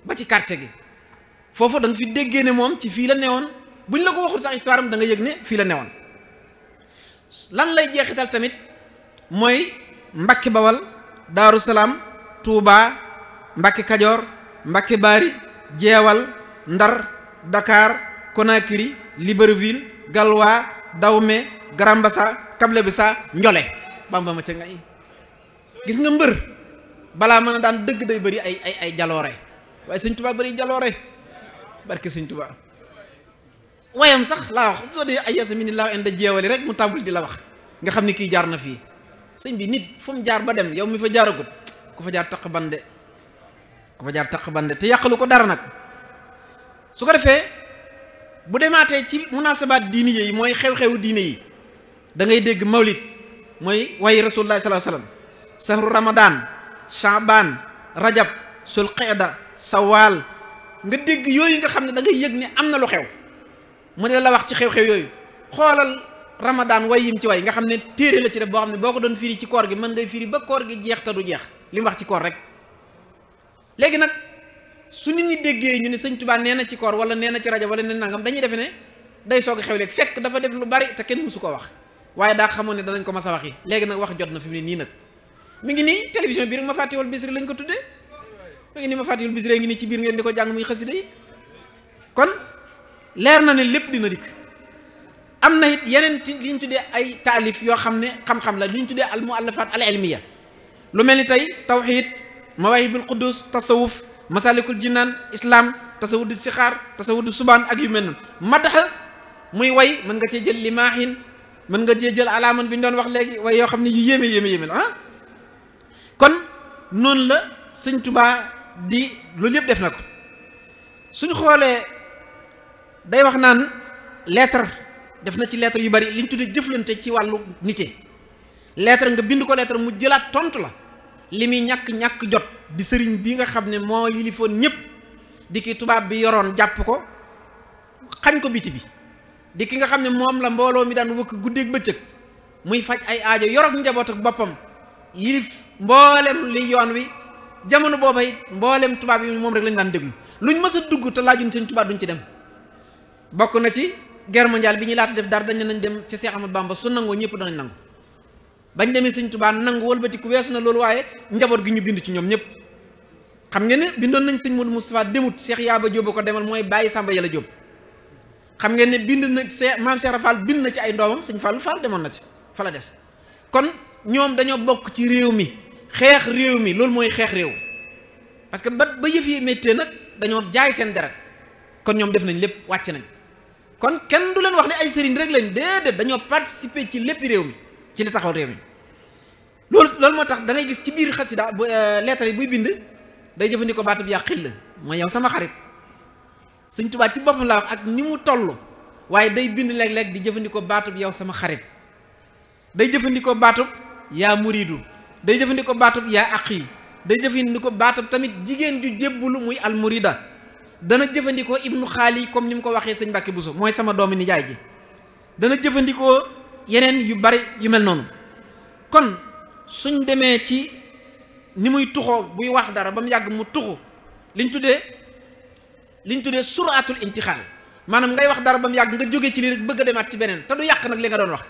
ba ci quartier gi foofu da fi déggee ne moom ci fii la newoon buñ la ko waxul sax histoire danga da nga yëg ne fii la newoon lan lay jeexital tamit mooy mbakki bawal daaru salaam tuubaa mbakki kajoor mbakki baari jeewal ndar dakaar konakiri libreville galwaa dawme garambasa kable bi sa njole bamba ma ca ngay gis nga mbër balaa mën a daan dëgg day bëri ay ay ay jaloore waaye suñ tubaab bëri jaloore barke sëñ Tuubaa wayam sax laa wax soo dee ayasa mi ni laa en jeewali rek mu tàmbul di la wax nga xam ni kii jaar na fii sëñ bi nit fu mu jaar ba dem yow mi fa jaar jaaragut ku fa jaar taq bande ku fa jaar taq bande te yàqalu ko dara nag su ko defee bu demaatee ci munaasabaat diini yi mooy xew-xewu diine yi da ngay dégg mawlid mooy way rasulullah sallallahu alayhi wasallam sahru ramadan chaban rajab sul qeeda sawaal nga dégg yooyu nga xam ne da ngay yëg ni am na lu xew mu ne la wax ci xew-xew yooyu xoolal ramadaan way yim ci way nga xam ne téere la ci def boo xam ne boo ko doon firi ci koor gi mën ngay firi ba koor gi jeex te du jeex li mu wax ci koor rek léegi nag su nit ñi déggee ñu ne sëñ Tuubaa nee na ci koor wala nee na ci rajo wala nee nangam dañuy defe ne day soog a xew léegi fekk dafa def lu bari te kenn mësu ko wax waaye daa xamoon ne danañ ko mas a waxi léegi nag wax jot na fi nii nag mi ngi nii télévision bi rek ma fàttewul Bichri lañ ko tuddee fa ngi ni ma leer na ne lépp dina dikk am na yeneen ci li ñu tuddee ay taalif yoo xam ne xam la li ñu tuddee al muallafat al ilmiya lu mel ni tey tawxid mawahibul quddus tasawuf masalikul jinaan islam tasawudu sixaar tasawudu subaan ak yu mel noonu madaxa muy way mën nga cee jël limaahin mën nga cee jël alaaman bi ñu doon wax léegi way yoo xam ne yu yéeme yéeme yéeme la ah. kon noonu la sëñ tubaa di loolu yëpp def na ko suñu xoolee day wax naan lettre def na ci lettre yu bari li ñu tuddee jëflante ci wàllu nite lettre nga bind ko lettre mu jëlaat tontu la li muy ñàkk ñàkk jot di sëriñ bi nga xam ne moo yilifoon ñëpp di ki tubaab bi yoroon jàpp ko xañ ko biti bi di ki nga xam ne moom la mbooloo mi daan wëkk guddeeg bëccëg muy faj ay aajo yor ak njaboot ak boppam yilif mboolem li yoon wi jamono booba it mboolem tubaab yi moom rek lañ daan déglu luñ mës a dugg te laajuñ seen tubaab duñ ci dem bokk na ci guerre mondiale bi ñu laata def dara dañ nañ dem ci Seex Ahmadu Bamba su nangoo ñëpp danañ nangu bañ demee sëñ tubaa nangu wëlbatiku weesu na loolu waaye njaboot gi ñu bind ci ñoom ñëpp xam ngeen ne bindoon nañ sëñ Modou Moustapha demut Seex Yaaba Jóob ko demal mooy bàyyi Sàmba Yàlla Jóob xam ngeen ne bind na see maam Seex Faal bind na ci ay doomam sëñ Fallu Faal demoon na ci fala des kon ñoom dañoo bokk ci réew mi xeex réew mi loolu mooy xeex réew parce que ba ba yëf yi méttee nag dañoo jaay seen deret kon ñoom def nañ lépp wàcc nañ kon kenn du leen wax ne ay sëriñ rek lañ def dañoo participer ci lépp réew mi ci li taxaw réew mi loolu loolu moo tax dangay gis ci biir xasidaa bu euh, lettre yi buy bind day jëfandikoo baatu bi yàqil la mooy yow sama xarit Sëñ Tuubaa ci boppam la wax ak ni mu toll waaye day bind léeg-léeg di jëfandikoo baatub yow sama xarit day jëfandikoo baatub yaa muriidu day jëfandikoo baatab yaa aqi day jëfandikoo baatab tamit jigéen ju jébbulu muy almurida dana jëfandikoo ibnu xaali comme ni mu ko waxee sëñ Mbàkke Buso mooy sama doom nijaay ji dana jëfandikoo yeneen yu bari yu mel noonu kon suñ demee ci ni muy tuxoo buy wax dara ba mu yàgg mu tuxu liñ tuddee liñ tuddee suraatul intixaal maanaam ngay wax dara ba mu yàgg nga jóge ci lii rek bëgg a demaat ci beneen te du yàq nag li nga doon wax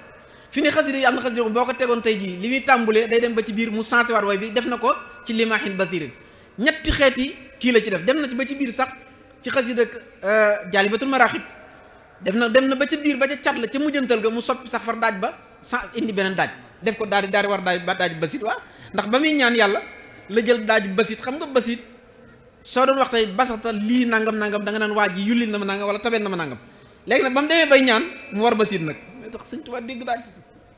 fi ni xasida yi am na xasida boo ko tegoon tey jii li muy tàmbulee day dem ba ci biir mu sensé waat way bi def na ko ci limaahin basirin ñetti xeeti kii la ci def dem na ci ba ci biir sax ci xasida euh, jaalibatul maraaxib def na dem na ba ca biir ba ca cat la ca mujjantal ga mu soppi sax far daaj ba sans indi beneen daaj def ko daal di daal di war daaj ba daaj basit waa ndax ba muy ñaan yàlla la jël daaj basit xam nga basit soo doon wax tey basata lii nangam nangam da nga naan waa ji yullil na ma nangam wala tabet na ma nangam léegi nag ba demee bay ñaan mu war basit nag tax sëñ Tuubaa dégg daaj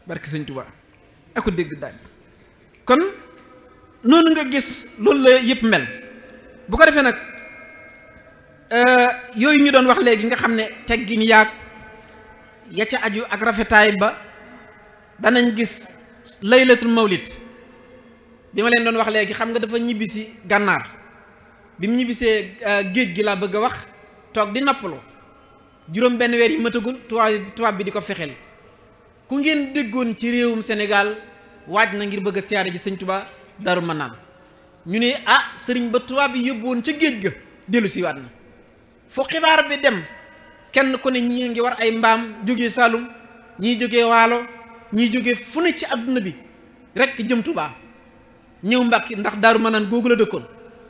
barke sëñ Tuubaa ako dégg daaj kon noonu nga gis loolu la yëpp mel bu ko defee nag euh, yooyu ñu doon wax léegi nga xam ne teggin yaag ya ca aju ak rafetaay ba danañ gis laylatul mawlid bi ma leen doon wax léegi xam nga dafa ñibbisi gànnaar bi mu ñibbisee euh, géej gi laa bëgg a wax toog di nappalu juróom benn weer yi matagul tubaab tubaab bi di ko fexeel ku ngeen déggoon ci réewum Sénégal waaj na ngir bëgg a siyaare ji sëñ Tuubaa Daaru Manaan ñu ne ah sëriñ ba tubaab bi yóbbuwoon ca géej ga dellu si waat na fo xibaar bi dem kenn ku ne ñii ngi war ay mbaam jógee Saalum ñiy jógee Waalo ñii jógee fu ne ci àdduna bi rekk jëm Tuubaa ñëw Mbàkke ndax Daaru Manaan googu la dëkkoon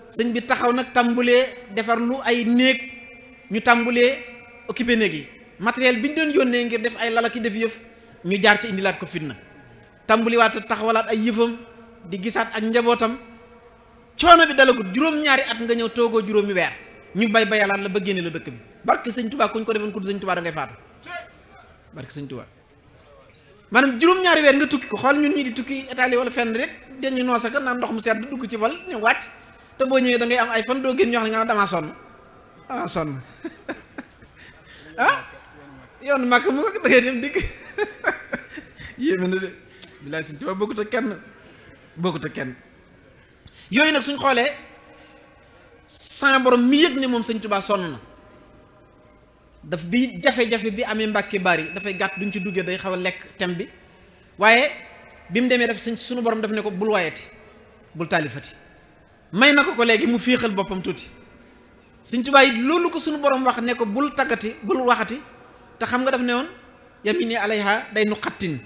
sëñ bi taxaw nag tàmbulee defar lu ay néeg ñu tàmbulee occupé néeg yi matériel bi ñu doon yónnee ngir def ay lala ki def yëf ñu jaar ci indilaat ko fitna tàmbaliwaat taxawalaat ay yëfam di gisaat ak njabootam coono bi dalagut juróom-ñaari at nga ñëw toogoo juróomi weer ñu bay ba bayalaat la ba génne la dëkk bi barke sëñ Tuubaa kuñ ko defoon ku sëñ Tuubaa da ngay faatu barke sëñ Tuubaa maanaam juróom-ñaari weer nga tukki ko xool ñu ñi di tukki Italie wala fenn rek dañu noosaka ndox mu sedd dugg ci wal ñu wàcc te boo ñëwee da ngay am ay fan doo génn ñu wax ne nga damaa sonn damaa sonn ah yoonu màkk mu ko da dem dikk yéeme na de bilaay suñ tubaab bokkut a kenn bokkut a kenn yooyu nag suñ xoolee san borom mi yëg ne moom sëñ tubaa sonn na daf bi jafe-jafe bi amee mbàkke bari dafay gàtt duñu ci duggee day xaw a lekk tem bi waaye bi mu demee def sëñ sunu borom daf ne ko bul waayati bul taalifati may na ko ko léegi mu fiixal boppam tuuti Sëñ Tuubaa it loolu ko suñu borom wax ne ko bul taggati bul waxati te xam nga def ne woon yamini alayha day nu xattin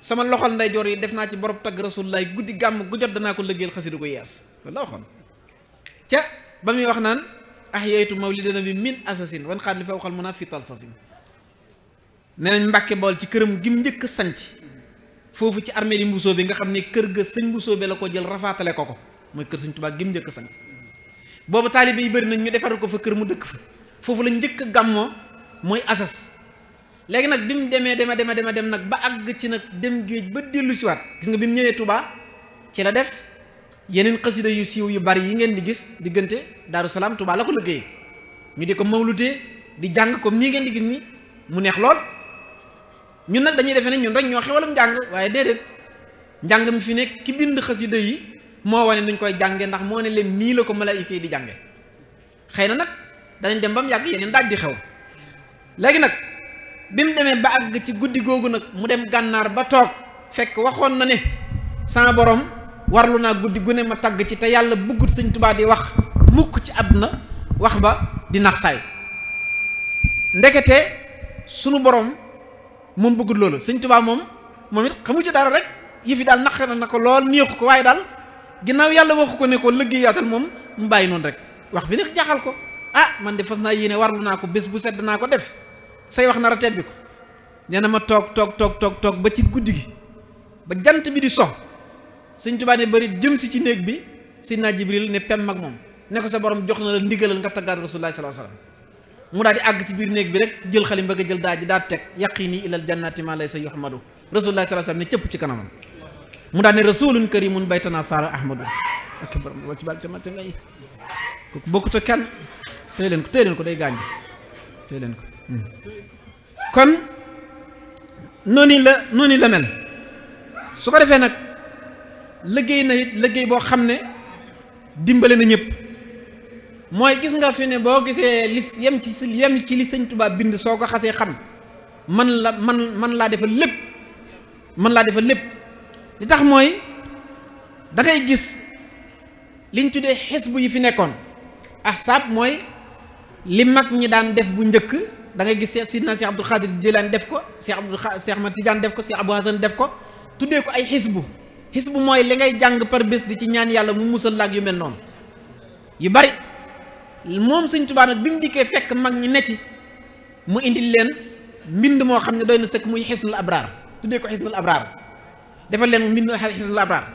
sama loxol ndeyjoor yi def naa ci borom tagg rasulullaay guddi gàmm gu jot danaa ko lëggeel xasida ko yees loolu la waxoon ca ba muy wax naan ahyaytu mawlidan nabi min asasin wan xaat li fa waxal mën a fital sasin nee nañ mbàkke bool ci këram gim njëkk sanc foofu ci armée li mbusoo bi nga xam ne kër ga sëñ mbusoo bi la ko jël rafaatale ko ko mooy kër sëñ Tuubaa gim njëkk sanc boobu taalibe yi bari nañ ñu defaral ko fa kër mu dëkk fa foofu la njëkk a gàmmoo mooy asas léegi nag bi mu demee dema dem a dem nag ba àgg ci nag dem géej ba dellu siwaat gis nga bi mu ñëwee Touba ci la def yeneen xasida yu siiw yu bari yi ngeen di gis diggante Daaru Salaam Touba la ko liggéeyee ñu di ko mawlutee di jàng comme nii ngeen di gis ni mu neex lool ñun nag dañuy defee ne ñun rek ñoo xewalam njàng waaye déedéet njàng mi fi nekk ki bind xasida yi moo wane nuñ koy jànge ndax moo ne leen nii la ko malaayika yi di jànge xëy na nag danañ dem ba mu yàgg yeneen daaj di xew léegi nag bi mu demee ba àgg ci guddi googu nag mu dem gànnaar ba toog fekk waxoon na ne sama boroom warlu naa guddi gu ne ma tagg ci te yàlla buggut sañ tubaab di wax mukk ci àdduna wax ba di nax saay ndekete sunu boroom moom bëggul loolu sëñ Tuubaa moom moom it xamu ci dara rek yëf yi daal naqare na na ko lool néexu ko waaye daal ginnaaw yàlla waxu ko ne ko liggéeyaatal moom mu bàyyi noonu rek wax bi nag jaxal ko ah man de fas naa yéene warlu naa ko bés bu sedd naa ko def say wax nar a bi ko nee na ma toog toog toog toog toog ba ci guddi gi ba jant bi di sox Sëñ Tuubaa ne bëri jëm si ci néeg bi Seydina Jibril ne pem ak moom ne ko sa borom jox na la ndigalal nga taggaat Rasulullah sallallahu alayhi wasallam mu daal di àgg ci biir néeg bi rek jël xalim bëgg a jël daa ji daa teg yaqini ilal jannati ma laysa yuhmadu Rasulullah sallallahu alayhi wasallam ne cëpp ci kanamam mu daal ne rasulun karimun baytana saara ahmadu ak borom wàcc baal ca mate ngay kooku bokkut ak kenn tey leen ko tey leen ko day gaañ tey leen ko hmm. kon noonu la noonu la mel su ko defee nag liggéey na it liggéey boo xam ne dimbale na ñëpp mooy gis nga fi ne boo gisee li yem ci yem ci li sañ tubaab bind soo ko xasee xam man la man man laa defal lépp man laa defal lépp li tax mooy dangay gis liñ tuddee xisbu yi fi nekkoon ahsaab mooy li mag ñi daan def bu njëkk da ngay gis sidna Cheikh Abdul Xaadir Jilaan def ko Cheikh Abdul Cheikh Ahmad Tijaan def ko Cheikh Abu Hasan def ko tuddee ko ay xisbu xisbu mooy li ngay jàng par bés di ci ñaan yàlla mu musal laak yu mel noonu yu bari moom sëñ Tuubaa nag bi mu dikkee fekk mag ñi ne ci mu indil leen mbind moo xam ne doy na sëkk muy xisnul abraar tuddee ko xisnul abraar defal leen mbindum Hizbul Abraar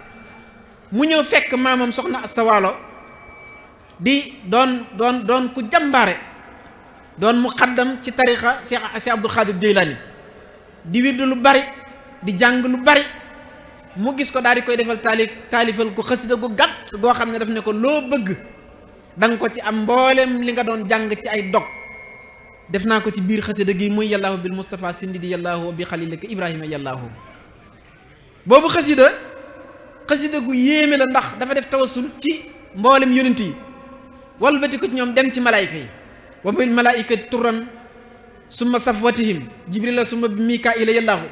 mu ñëw fekk maamam soxna Asawaalo di doon doon doon ku jàmbaare doon mu xaddam ci tarixa Cheikh Cheikh Abdul Xaadir Jeylaani di wird lu bari di jàng lu bari mu gis ko daal di koy defal taali taalifal ko xasida gu gàtt goo xam ne daf ne ko loo bëgg da ko ci am mboolem li nga doon jàng ci ay dog def naa ko ci biir xasida gi muy yàllaahu bil Mustafa sindidi yàllaahu bi xalilika Ibrahima yàllaahu boobu xasida xasida gu yéeme la ndax dafa def tawasul ci mboolem yonent yi walbati ko ci ñoom dem ci malaayka yi wa bil malaayikati turan summa safwatihim jibrila summa bi mikaila yallaahu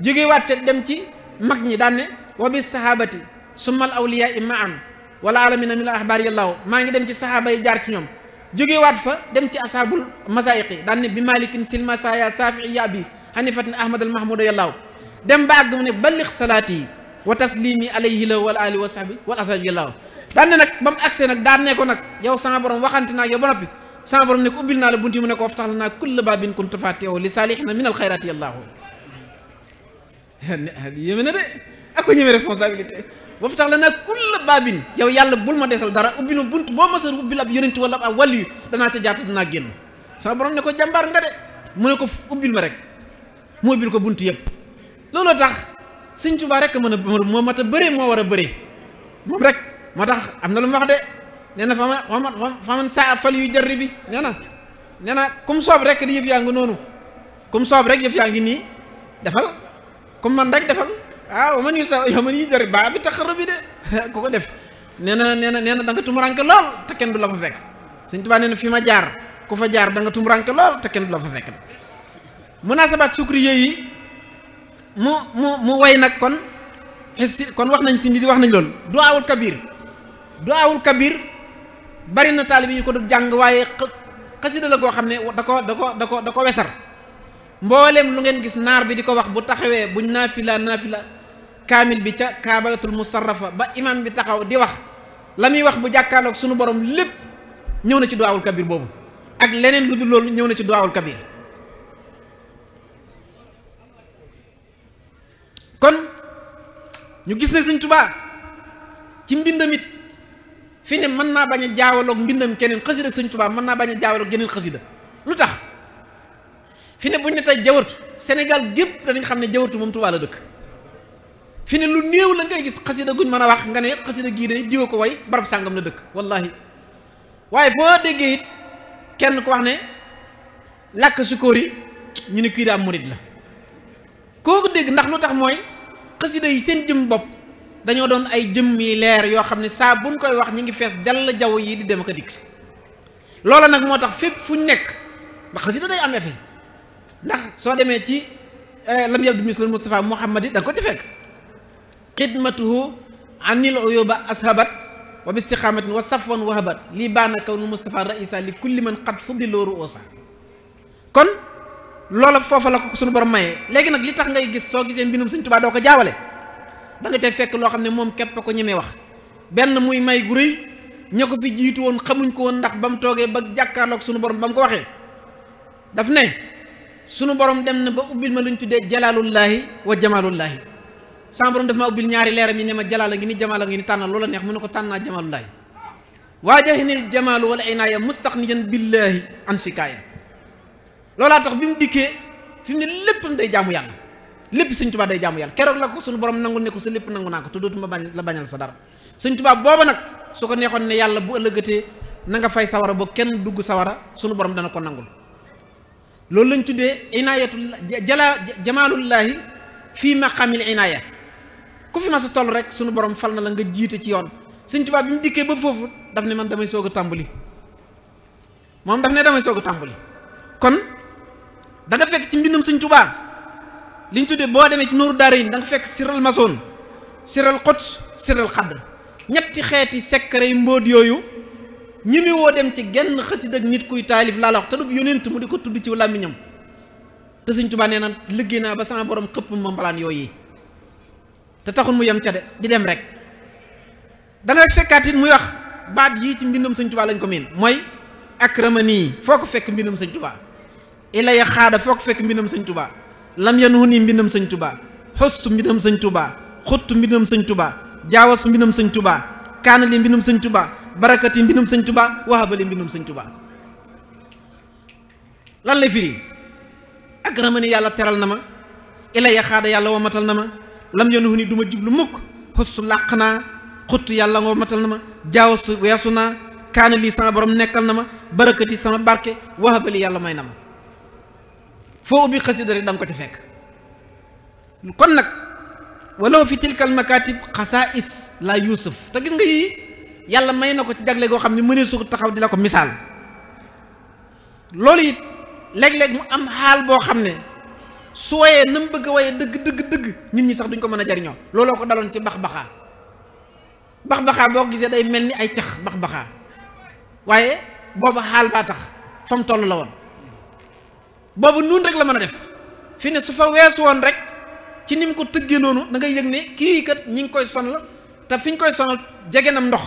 jóge waat ca dem ci mag ñi daan ne wa bi sahabati summa al awliyaa ma an wala alamina min al ahbaar yallaahu maa ngi dem ci sahaaba yi jaar ci ñoom jóge waat fa dem ci asaabul masaayiqi daan ne bi malikin silma saya saafi ya bi hanifatin ahmad al mahmuda yallaahu dem ba àgg mu ne balix salaati yi wa taslimi alayhi la wal ali wa sahbi wal ashabi yàlla daan ne nag ba mu agsee nag daan ne ko nag yow sama borom waxante naa yow ba noppi sama borom ne ko ubbil naa la bunti mu ne ko waftax la naa kulla baabin kunta faatihahu li saalihina min al xayraati yàlla yéeme na de ak ko ñëmee responsabilité waftax la yow yàlla bul ma desal dara ubbi na bunt boo mësa ubbil ab yonent wala ab wàllu yu danaa ca jaata danaa génn sama borom ne ko jàmbaar nga mu ne ko ubbil ma rek mu ubbil ko bunt yëpp loolu tax sëñ Tuubaa rek mën a moo mat a bëre moo war a bëre moom rek moo tax am na lu mu wax de nee na fa ma fa man saa fal yu jarri bi nee na nee comme soob rek di yëf yaa ngi noonu comme soob rek yëf yaa ngi nii defal comme man rek defal ah man yu sa yow man yu jarri baa bi taxaru bi de ku ko def nee na nee na nee na da tumuranke lool te kenn du la fa fekk sëñ Tuubaa nee na fi ma jaar ku fa jaar danga nga tumuranke lool te kenn du la fa fekk munasabaat sukri yooyu mu mu mu woy nag kon kon wax nañ si di wax nañ loolu duwaawul kabir duwaawul kabir bari na taalib yi ko du jàng waaye xasida la koo xam ne da ko da ko da ko da ko wesar mbooleem lu ngeen gis naar bi di ko wax bu taxawee buñ naafila naafila kaamil bi ca kaabatul musarrafa ba imam bi taxaw di wax la muy wax bu jàkkaarloog sunu borom lépp ñëw na ci duwaawul kabir boobu ak leneen lu dul loolu ñëw na ci duwaawul kabir kon ñu gis ne sëñ tubaa ci mbindamit fi ne mën naa bañ a jaawaloog mbindam keneen xasida sëñ tubaa mën naa bañ a jaawaloog geneen xasida lu tax fi ne buñ ne tey jawartu Sénégal gépp danañ xam ne jawartu moom tubaa la dëkk fi ne lu néew la ngay gis xasida guñ mën a wax nga ne xasida gii day diwa ko way barab sàngam la dëkk wallahi waaye foo déggee it kenn ko wax ne làkk sukóor yi ñu ne kii daa murit la kooku dégg ndax lu tax mooy xasida yi seen jëm bopp dañoo doon ay jëm yi leer yoo xam ne saa buñ koy wax ñi ngi fees dell jaww yi di dem ko dikk loola nag moo tax fépp fu ñu nekk ndax xasida day am effet ndax soo demee ci eh, lam yabdu mislul Mustafa Muhammadi da ko ci fekk xidmatuhu anil uyuba ashabat wa bistiqamatin wa safwan wahabat lii baana kaw nu Mustafa raisa li kulli man xat fuddi looru oosa kon loola foofa la ko suñu borom mayee léegi nag li tax ngay gis soo gisee mbindum sëñ Tuubaa doo ko jaawale da nga cay fekk loo xam ne moom képp ko ñemee wax benn muy may gu rëy ña ko fi jiitu woon xamuñ ko woon ndax ba mu toogee ba jàkkaarloog suñu borom ba mu ko waxee daf ne sunu borom dem na ba ubbil ma lu ñu tuddee jalaalullaahi wa jamaalullaahi sama borom daf ma ubbil ñaari leeram yi ne ma jalaala ngi ni jamaala ngi ni tànnal loola neex mu ne ko tànn naa jamaalullaahi waajahinil jamaalu wala inaaya mustaqnijan billaahi an shikaaya loolaa tax bi mu dikkee fi mu ne léppam day jaamu yàlla lépp sëñ tubaa day jaamu yàlla keroog ko suñu borom nangu ne ko sa lépp nangu naa ko te dootuma bañ la bañal sa dara sëñ tubaa booba nag su ko neexoon ne yàlla bu ëllëgatee na fay sawara ba kenn dugg sawara suñu borom dana ko nangul loolu lañ tuddee inaayatu jala jamaalullaahi fii maqaamil inaaya ku fi ma sa toll rek sunu borom fal na la nga jiite ci yoon sëñ tubaa bi mu dikkee ba foofu daf ne man damay soog a tàmbali moom daf ne damay soog a tàmbali kon da fekk ci mbindum sëñ tubaa liñ tuddee boo demee ci nooru daara yi da nga fekk siral masoon siral xot siral xadd ñetti xeeti secret yu mbóot yooyu ñi mi woo dem ci genn xasid ak nit kuy taalif laa la wax te du yónent mu di ko tudd ci làmmiñam te sëñ tubaa nee na liggéey naa ba sama boroom xëpp ma mbalaan yooyu te taxul mu yem ca de di dem rek da nga fekkaat muy wax baat yi ci mbindum sëñ tubaa lañ ko miin mooy akramani foo ko fekk mbindum sëñ tubaa ilay xaada foog fekk mbindam sëñ tubaa lam yan hu ni mbindam sëñ tubaa xos mbindam sëñ tubaa xott mbindam sëñ tubaa jaawas mbindam sëñ tubaa kaanali mbindam sëñ tubaa barakati mbindam sëñ tubaa waxabali mbindam sëñ tubaa lan lay firi ak rama ni yàlla teral na ma ilay xaada yàlla womatal na ma lam yan hu ni du ma jublu mukk xos làq naa xott yàlla womatal na ma jaawas weesu naa kaanali sama borom nekkal na ma barakati sama barke waxabali yàlla may na ma foo ubbi xasida rek danga ko ci fekk kon nag walla walaw fi tilkal makatib xasaais la yusuf te gis nga yii yàlla may na ko ci jagle goo xam ne mënee su taxaw di la ko misaal loolu it léeg-léeg mu am xaal boo xam ne su woyee na mu bëgg a woyee dëgg dëgg dëgg nit ñi sax duñ ko mën a jariñoo looloo ko daloon ci bax baxaa bax baxaa boo ko gisee day mel ni ay cax bax baxaa waaye booba xaal baa tax fa mu toll la woon boobu nun rek la mën a def fi ne su fa wees woon rek ci ni mu ko tëggee noonu dangay ngay yëg ne kii kat ñi ngi koy sonal te fi ñu koy sonal jege na ndox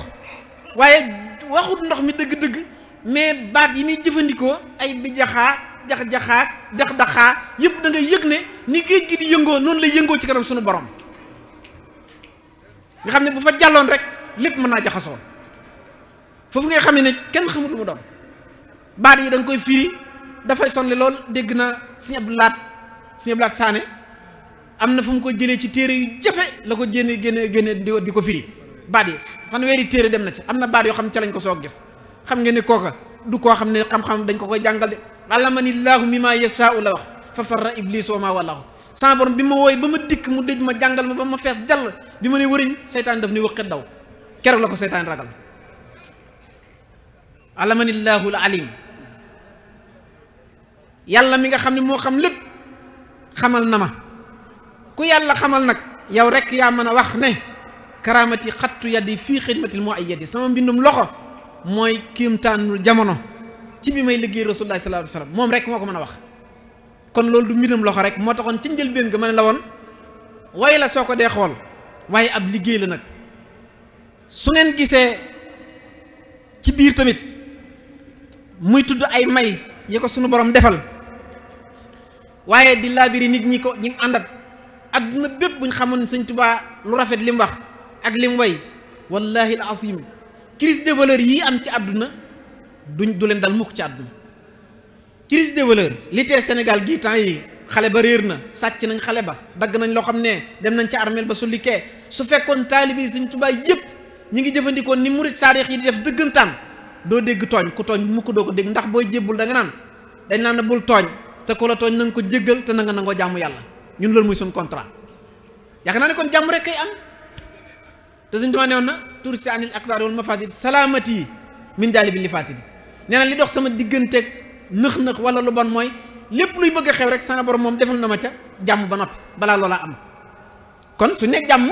waaye waxut ndox mi dëgg-dëgg mais baat yi muy jëfandikoo ay bijaxaa jax-jaxaak dex-daxaa yëpp da ngay yëg ne ni géej gi di yëngoo noonu lay yëngoo ci kanam sunu borom nga xam ne bu fa jàlloon rek lépp mën naa jaxasoo foofu ngay xam ne kenn xamut lu mu doon baat yi da koy firi dafay sonle lool dégg naa sëñ Abdu Laat sëñ Laat Saane am na fu mu ko jëlee ci téere yu jafe la ko génne génne génne di di ko firi baat yi fanweeri téere dem na ci am na baat yoo xam ne ca lañ ko soog gis xam ngeen ne kooka du koo xam ne xam-xam dañ ko koy jàngal de allamanillaahu mimmaa yashaa'u la wax fa farra iblis wa maa wallahu sama borom bi ma wooy ba ma dikk mu dëj ma jàngal ma ba ma fees jàll bi ma ne wëriñ seytaan daf ne wëqet daw keroog la ko seytaan ragal allamanillaahu al alim yàlla mi nga xam ne moo xam lépp xamal na ma ku yàlla xamal nag yow rek yaa mën a wax ne karaamati xattu yaddi fii xidmatil moo ay yaddi sama mbindum loxo mooy kiimtaanul jamono ci bi may liggéey rasulullah sallallahu alayhi moom rek moo ko mën a wax kon loolu du mbindum loxo rek moo taxoon ci njëlbéen ga ma ne la woon way la soo ko dee xool waaye ab liggéey la nag su ngeen gisee ci biir tamit muy tudd ay may yi ko sunu borom defal waaye di laabiri nit ñi ko ñi ngi àndat adduna bépp buñ xamoon sëñ tubaa lu rafet li mu wax ak li mu way wallahi al azim crise de valeur yi am ci àdduna duñ du leen dal mukk ci àdduna crise de valeur li tee Sénégal gi temps yi xale ba réer na sàcc nañ xale ba dagg nañ loo xam ne dem nañ ca armeel ba su likkee su fekkoon taalibe yi sëñ tubaa yépp ñi ngi jëfandikoo ni murit saarix yi di def dëggantaan doo dégg tooñ ku tooñ mukk doo ko dégg ndax booy jébbul da nga naan dañ bul tooñ te ku la na nga ko jéggal te na nga nangoo jàmm yàlla ñun loolu muy suñu contrat yaakaar naa ne kon jàmm rek kay am te suñ ne newoon na tur si anil akdar wal mafasid salaamati min bi li fasid nee na li dox sama digganteeg nëx-nëx wala lu bon mooy lépp luy bëgg a xew rek sama borom moom defal na ma ca jàmm ba noppi balaa loola am kon su nekk jàmm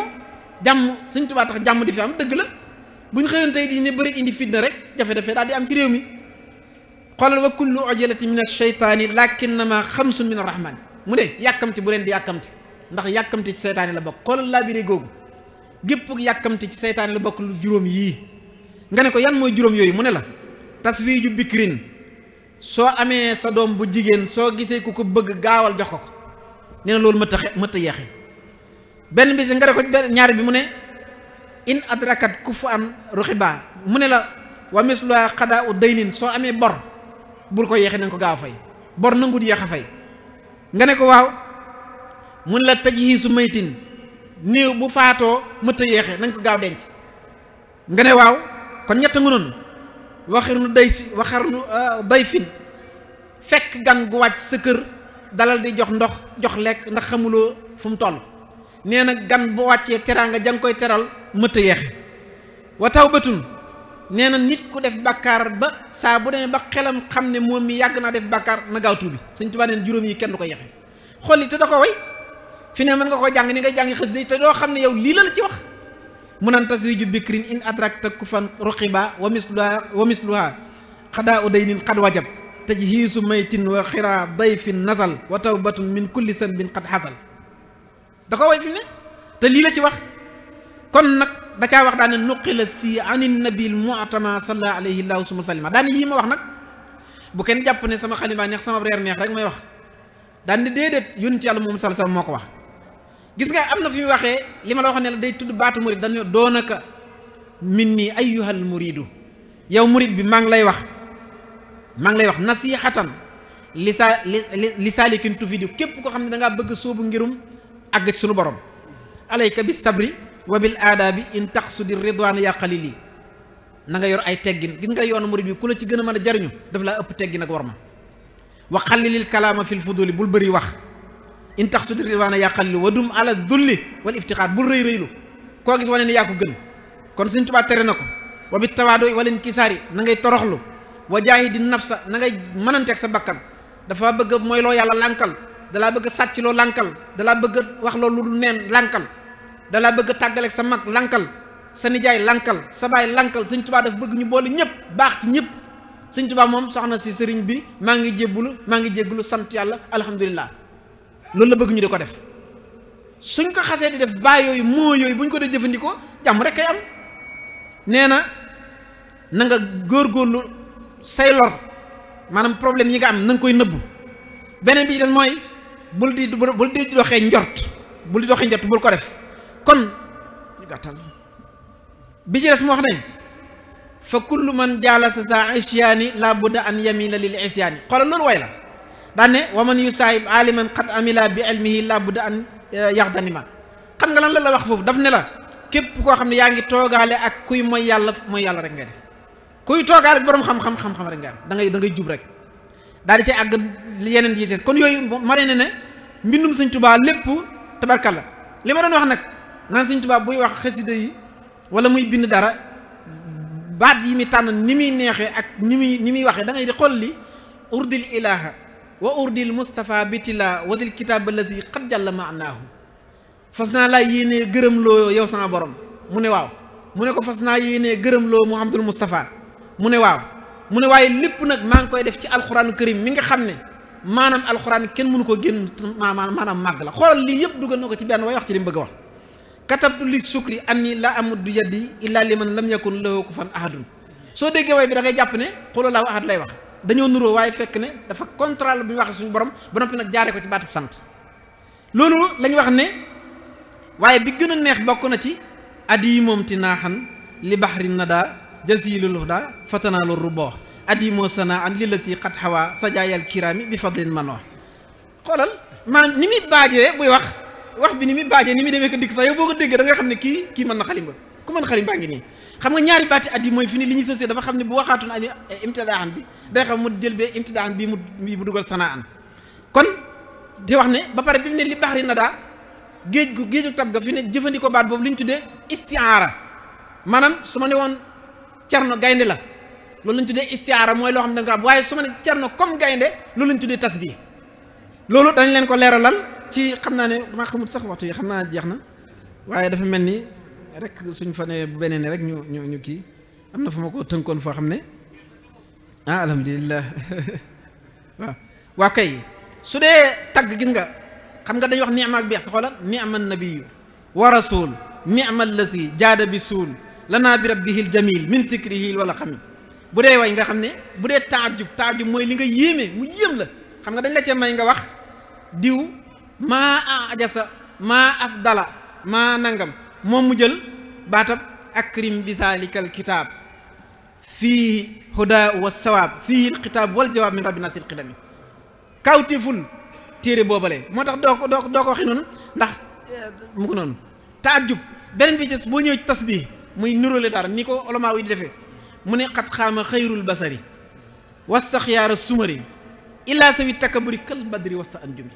jàmm suñ tubaa tax jàmm di fi am dëgg la buñ xëyoon tey di ne bëri indi fitna rek jafe-jafe daal di am ci réew mi xoolal wa kullu ojalati min alcheytaani lakinnama xamsun min arrahmani mu ne yàkkamti bu leen di yàkkamti ndax yàkkamti ci seytaane la bokk xoolal laa biré googu gépp yàkkamti ci seytaane la bokk lu juróom yii nga ne ko yan mooy juróom yooyu mu ne la taswiiju bikrin soo amee sa doom bu jigéen soo gisee ku ko bëgg gaawal jox ko ko ne na loolu mëtt a mëtt a benn bi si nga ne ko ñaar bi mu ne in adrakat ku fu an ruxibaa mu ne la wa misluha xadaa u daynin soo amee bor bu ko yeexee nañ ko gaaw fay bor nangut yeex a fay nga ne ko waaw mun la tajhiisu maytin néew bu faatoo mëtt a yeexe nañ ko gaaw denc nga ne waaw kon ñett nga noonu waxar nu day si waxar nu euh, fin fekk gan gu wàcc sa kër dalal di jox ndox jox lekk ndax xamuloo fu mu toll nee nag gan bu wàccee teraanga jang koy teral mëtt a yeexe wa nee na nit ku def bàkkaar ba saa bu demee ba xelam xam ne moom mi yàgg naa def bàkkaar na gaaw tuubi Sëñ Tuubaa nee na juróom yi kenn du ko yexe xol yi te da ko way fi ne mën nga ko jàng ni nga jàng xës day te doo xam ne yow lii la la ci wax mu naan taswiju bikrin in atrakta kufan ruqiba wa misluha wa misluha xadaa udaynin xad wajab tajhiisu maytin wa xiraa dayfin nasal wa tawbatun min kulli da ko way fi ne te lii la ci wax kon nag da caa wax daane nuqila si anin nabil mu'tama salla alayhi llahu suma salima daane yii ma wax nag bu kenn jàpp ne sama xalima neex sama reer neex rek may wax daane déedéet yonent yàlla moom sal sal moo ko wax gis nga am na fi mu waxee li ma la wax ne la day tudd baatu murid dañu doonaka min nii ayyuhal muridu yow murid bi maa ngi lay wax maa ngi lay wax nasihatan li saa li saalikin tufidu képp ko xam ne da bëgg sóobu ngirum àgg ci suñu borom alayka bis wa bil aadaabi in taqsudi ridwaan yaa xalili na nga yor ay teggin gis nga yoon murid bi ku la ci gën a mën a jariñu daf laa ëpp teggin ak war ma wa xalilil kalaama fil fuduli bul bëri wax in taqsudi ridwaan yaa xalili wa dum ala dulli wal iftixaar bul rëy rëylu koo gis wane ne yaa ko gën kon Sëriñ Tuubaa tere na ko wa bi tawaado wala inkisaari na ngay toroxlu wa jaahidi nafsa na ngay mënanteeg sa bakkan dafa bëgg mooy loo yàlla lànkal dalaa bëgg sàcc loo lànkal dalaa bëgg wax loo lu neen lànkal dalaa bëgg a tàggaleeg sa mag lankal sa nijaay lankal sa baay lankal sëñ tubaa dafa bëgg ñu boole ñëpp baax ci ñëpp sëñ tubaa moom soxna si sëriñ bi maa ngi jébbulu maa ngi jéggulu sant yàlla alhamdulilah loolu la bëgg ñu di ko def suñ ko xasee di def baa yooyu moo yooyu bu ñu ko dee jëfandikoo jàmm rek kay am nee na na nga góorgóorlu say lor maanaam problème yi nga am na koy nëbbu beneen bi ci des mooy bul di bul di doxee njort bul di doxee njort bul ko def kon ñu bi ci su mu wax ne fa kullu man jaalasa sa sa isyaani la budda an yamina lil isyaani xoolal loolu way la daan ne wa man yusaahib aaliman qad amila bi ilmihi la budda an eh, yaxdanima xam nga lan la la wax foofu daf ne la képp koo xam ne yaa ngi toogaale ak kuy mooy yàlla mooy yàlla rek ngay def kuy toogaale ak boroom xam-xam xam rek ngay am dangay ngay jub rek daal di ci àgg yeneen yi kon yooyu mari ne ne mbindum Sëñ Tuubaa lépp tabarkalla li naan Sëñ Tuubaa buy wax xasida yi wala muy bind dara baat yi muy tànn ni muy neexee ak ni muy ni muy waxee da ngay xool li urdil ilaha wa urdil Moustapha bitila watil kitab alladi qad jàll maanaahu fas naa laa yéenee gërëm loo yow sama borom mu ne waaw mu ne ko fas naa yéenee gërëm loo Muhammadul mustafa mu ne waaw mu ne waaye lépp nag maa ngi koy def ci alxuraanu karim mi nga xam ne maanaam alxuraan kenn mënu ko génn maanaam màgg la xoolal lii yëpp ko ci benn way wax ci katabtu li sukri anni la amuddu yaddi illa liman lam yakun lahu kufan ahadun soo déggee way bi da ngay jàpp ne xulallaahu ahad lay wax dañoo nuroo waaye fekk dafa contraire bu ñu waxee suñu borom ba noppi nag jaaree ko ci baatub sant loolu lañ wax ne waaye bi gën a neex bokk na ci addi yi moom ti naaxan li baxri nada jasilul huda fatanaalu ruboox addi moo sana an li la si xat xawaa sajaayal kiraami bi fadlin manoo xoolal maa ni muy baajee buy wax wax bi ni muy baajee ni muy demee ko dikk sax yow boo ko déggee da nga xam ne kii kii mën na xalimba ku mën xalimba ngi nii xam nga ñaari baati at yi mooy fi ni li ñuy sosee dafa xam ne bu waxaatoon ani eh, imtidaan bi jël bee imtidaan bii mu bii mu dugal sanaan kon di wax ne ba pare bi mu ne li baax na daa géej gu géeju tab ga fi ne jëfandikoo baat boobu lu ñu tuddee istiaara maanaam su ma ne woon cerno gaynde la loolu lañ tuddee istiaara mooy loo xam ne da nga waaye su ma ne cerno comme gaynde loolu lañ tuddee tasbih loolu dañ leen ko leeralal ci xam naa ne damaa xamul sax waxtu yi xam naa ne jeex na waaye dafa mel ni rek suñ fa ne bu beneen rek ñu ñu ñu kii am na fu ma ko tënkoon foo xam ne ah alhamdulilah waaw waa kay su dee tagg gis nga xam nga dañuy wax ni'ma ak beex sa xoolal ni'ma nabiyu wa rasul ni'ma si jaada bi suul lanaa bi rabbihi l jamil min sikrihi wala xam bu dee way nga xam ne bu dee taajub taajub mooy li nga yéeme mu yéem la xam nga dañ la cee may nga wax diw maa ajasa maa afdala maa nangam moom mu jël baatab akrim bi zalikal kitaab fii huda wa sawaab fii lkitaab wal jawaab min rabbina til qidami kawtiful téere boobale moo tax doo ko doo ko waxi ndax eh, mu ko noonu taajub beneen bi ci boo ñëwee tas bi muy nuróole dara ni ko ulamaa yi di defee mu ne xat xaama xëyrul basari wasaxyaara sumari illaa sawi takaburi kal badri wasta anjumi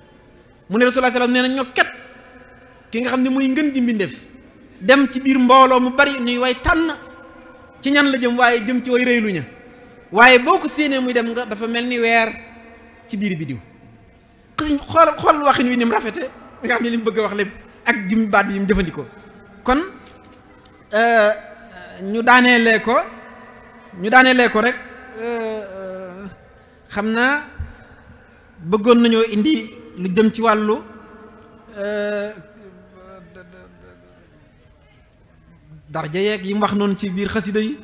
mu ne rasulullah sallam nee na ñokket ki nga xam ne muy ngën ji mbindeef dem ci biir mbooloo mu bari ñuy way tànn ci ñan la jëm waaye jëm ci way rëylu ña waaye boo ko séenee muy dem nga dafa mel ni weer ci biir bidiw xisiñ xool xool waxin wi ni mu rafete nga xam ne li bëgg a wax lépp ak jum baat bi yi mu jëfandikoo kon euh, ñu daaneelee ko ñu daaneelee ko rek euh, euh, xam na bëggoon nañoo indi lu jëm ci wàllu euh, darja yeeg yi mu wax noonu ci biir xasida yi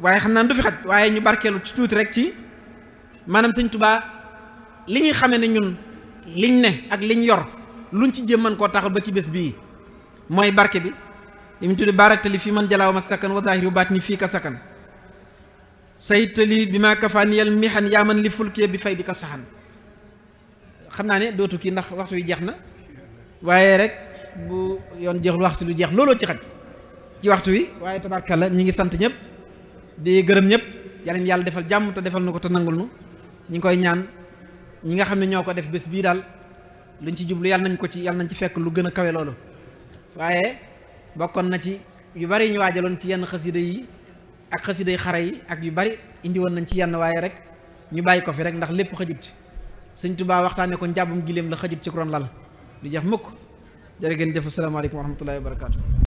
waaye xam naa du fi xaj waaye ñu barkeelu ci tuuti rek ci maanaam sëñ tubaa li ñuy xamee ne ñun liñ ne ak liñ yor luñ ci jéem mën koo taxal ba ci bés bii mooy barke bi li mu tudde baarakta li fii man jalaaw ma sakkan wa zaahir yu baat ni fii ka sakkan saytali bi maa kafaaniyal mihan yaa man li fulkiya bi fay di ko saxan xam naa ne dootu kii ndax waxtu wi jeex na waaye rek bu yoon jeexul wax si lu jeex looloo ci xaj ci waxtu wi waaye tabarkalla ñi ngi sant ñëpp di gërëm ñëpp yal yàlla defal jàmm te defal na ko te nangul nu ñi ngi koy ñaan ñi nga xam ne ñoo ko def bés bii daal luñ ci jublu yàlla nañ ko ci yàlla nañ ci fekk lu gën a kawe loolu waaye bokkoon na ci yu bari ñu waajaloon ci yenn xasida yi ak xasiday xare yi ak yu bari indi woon nañ ci yenn waaye rek ñu bàyyi ko fi rek ndax lépp xajut ci sëñ Tuubaa waxtaane ko njàbbum gileem la xajut ci kuroon lal du jeex mukk jërë ngeen jëf asalaamaaleykum wa rahmatullahi wa barakaatu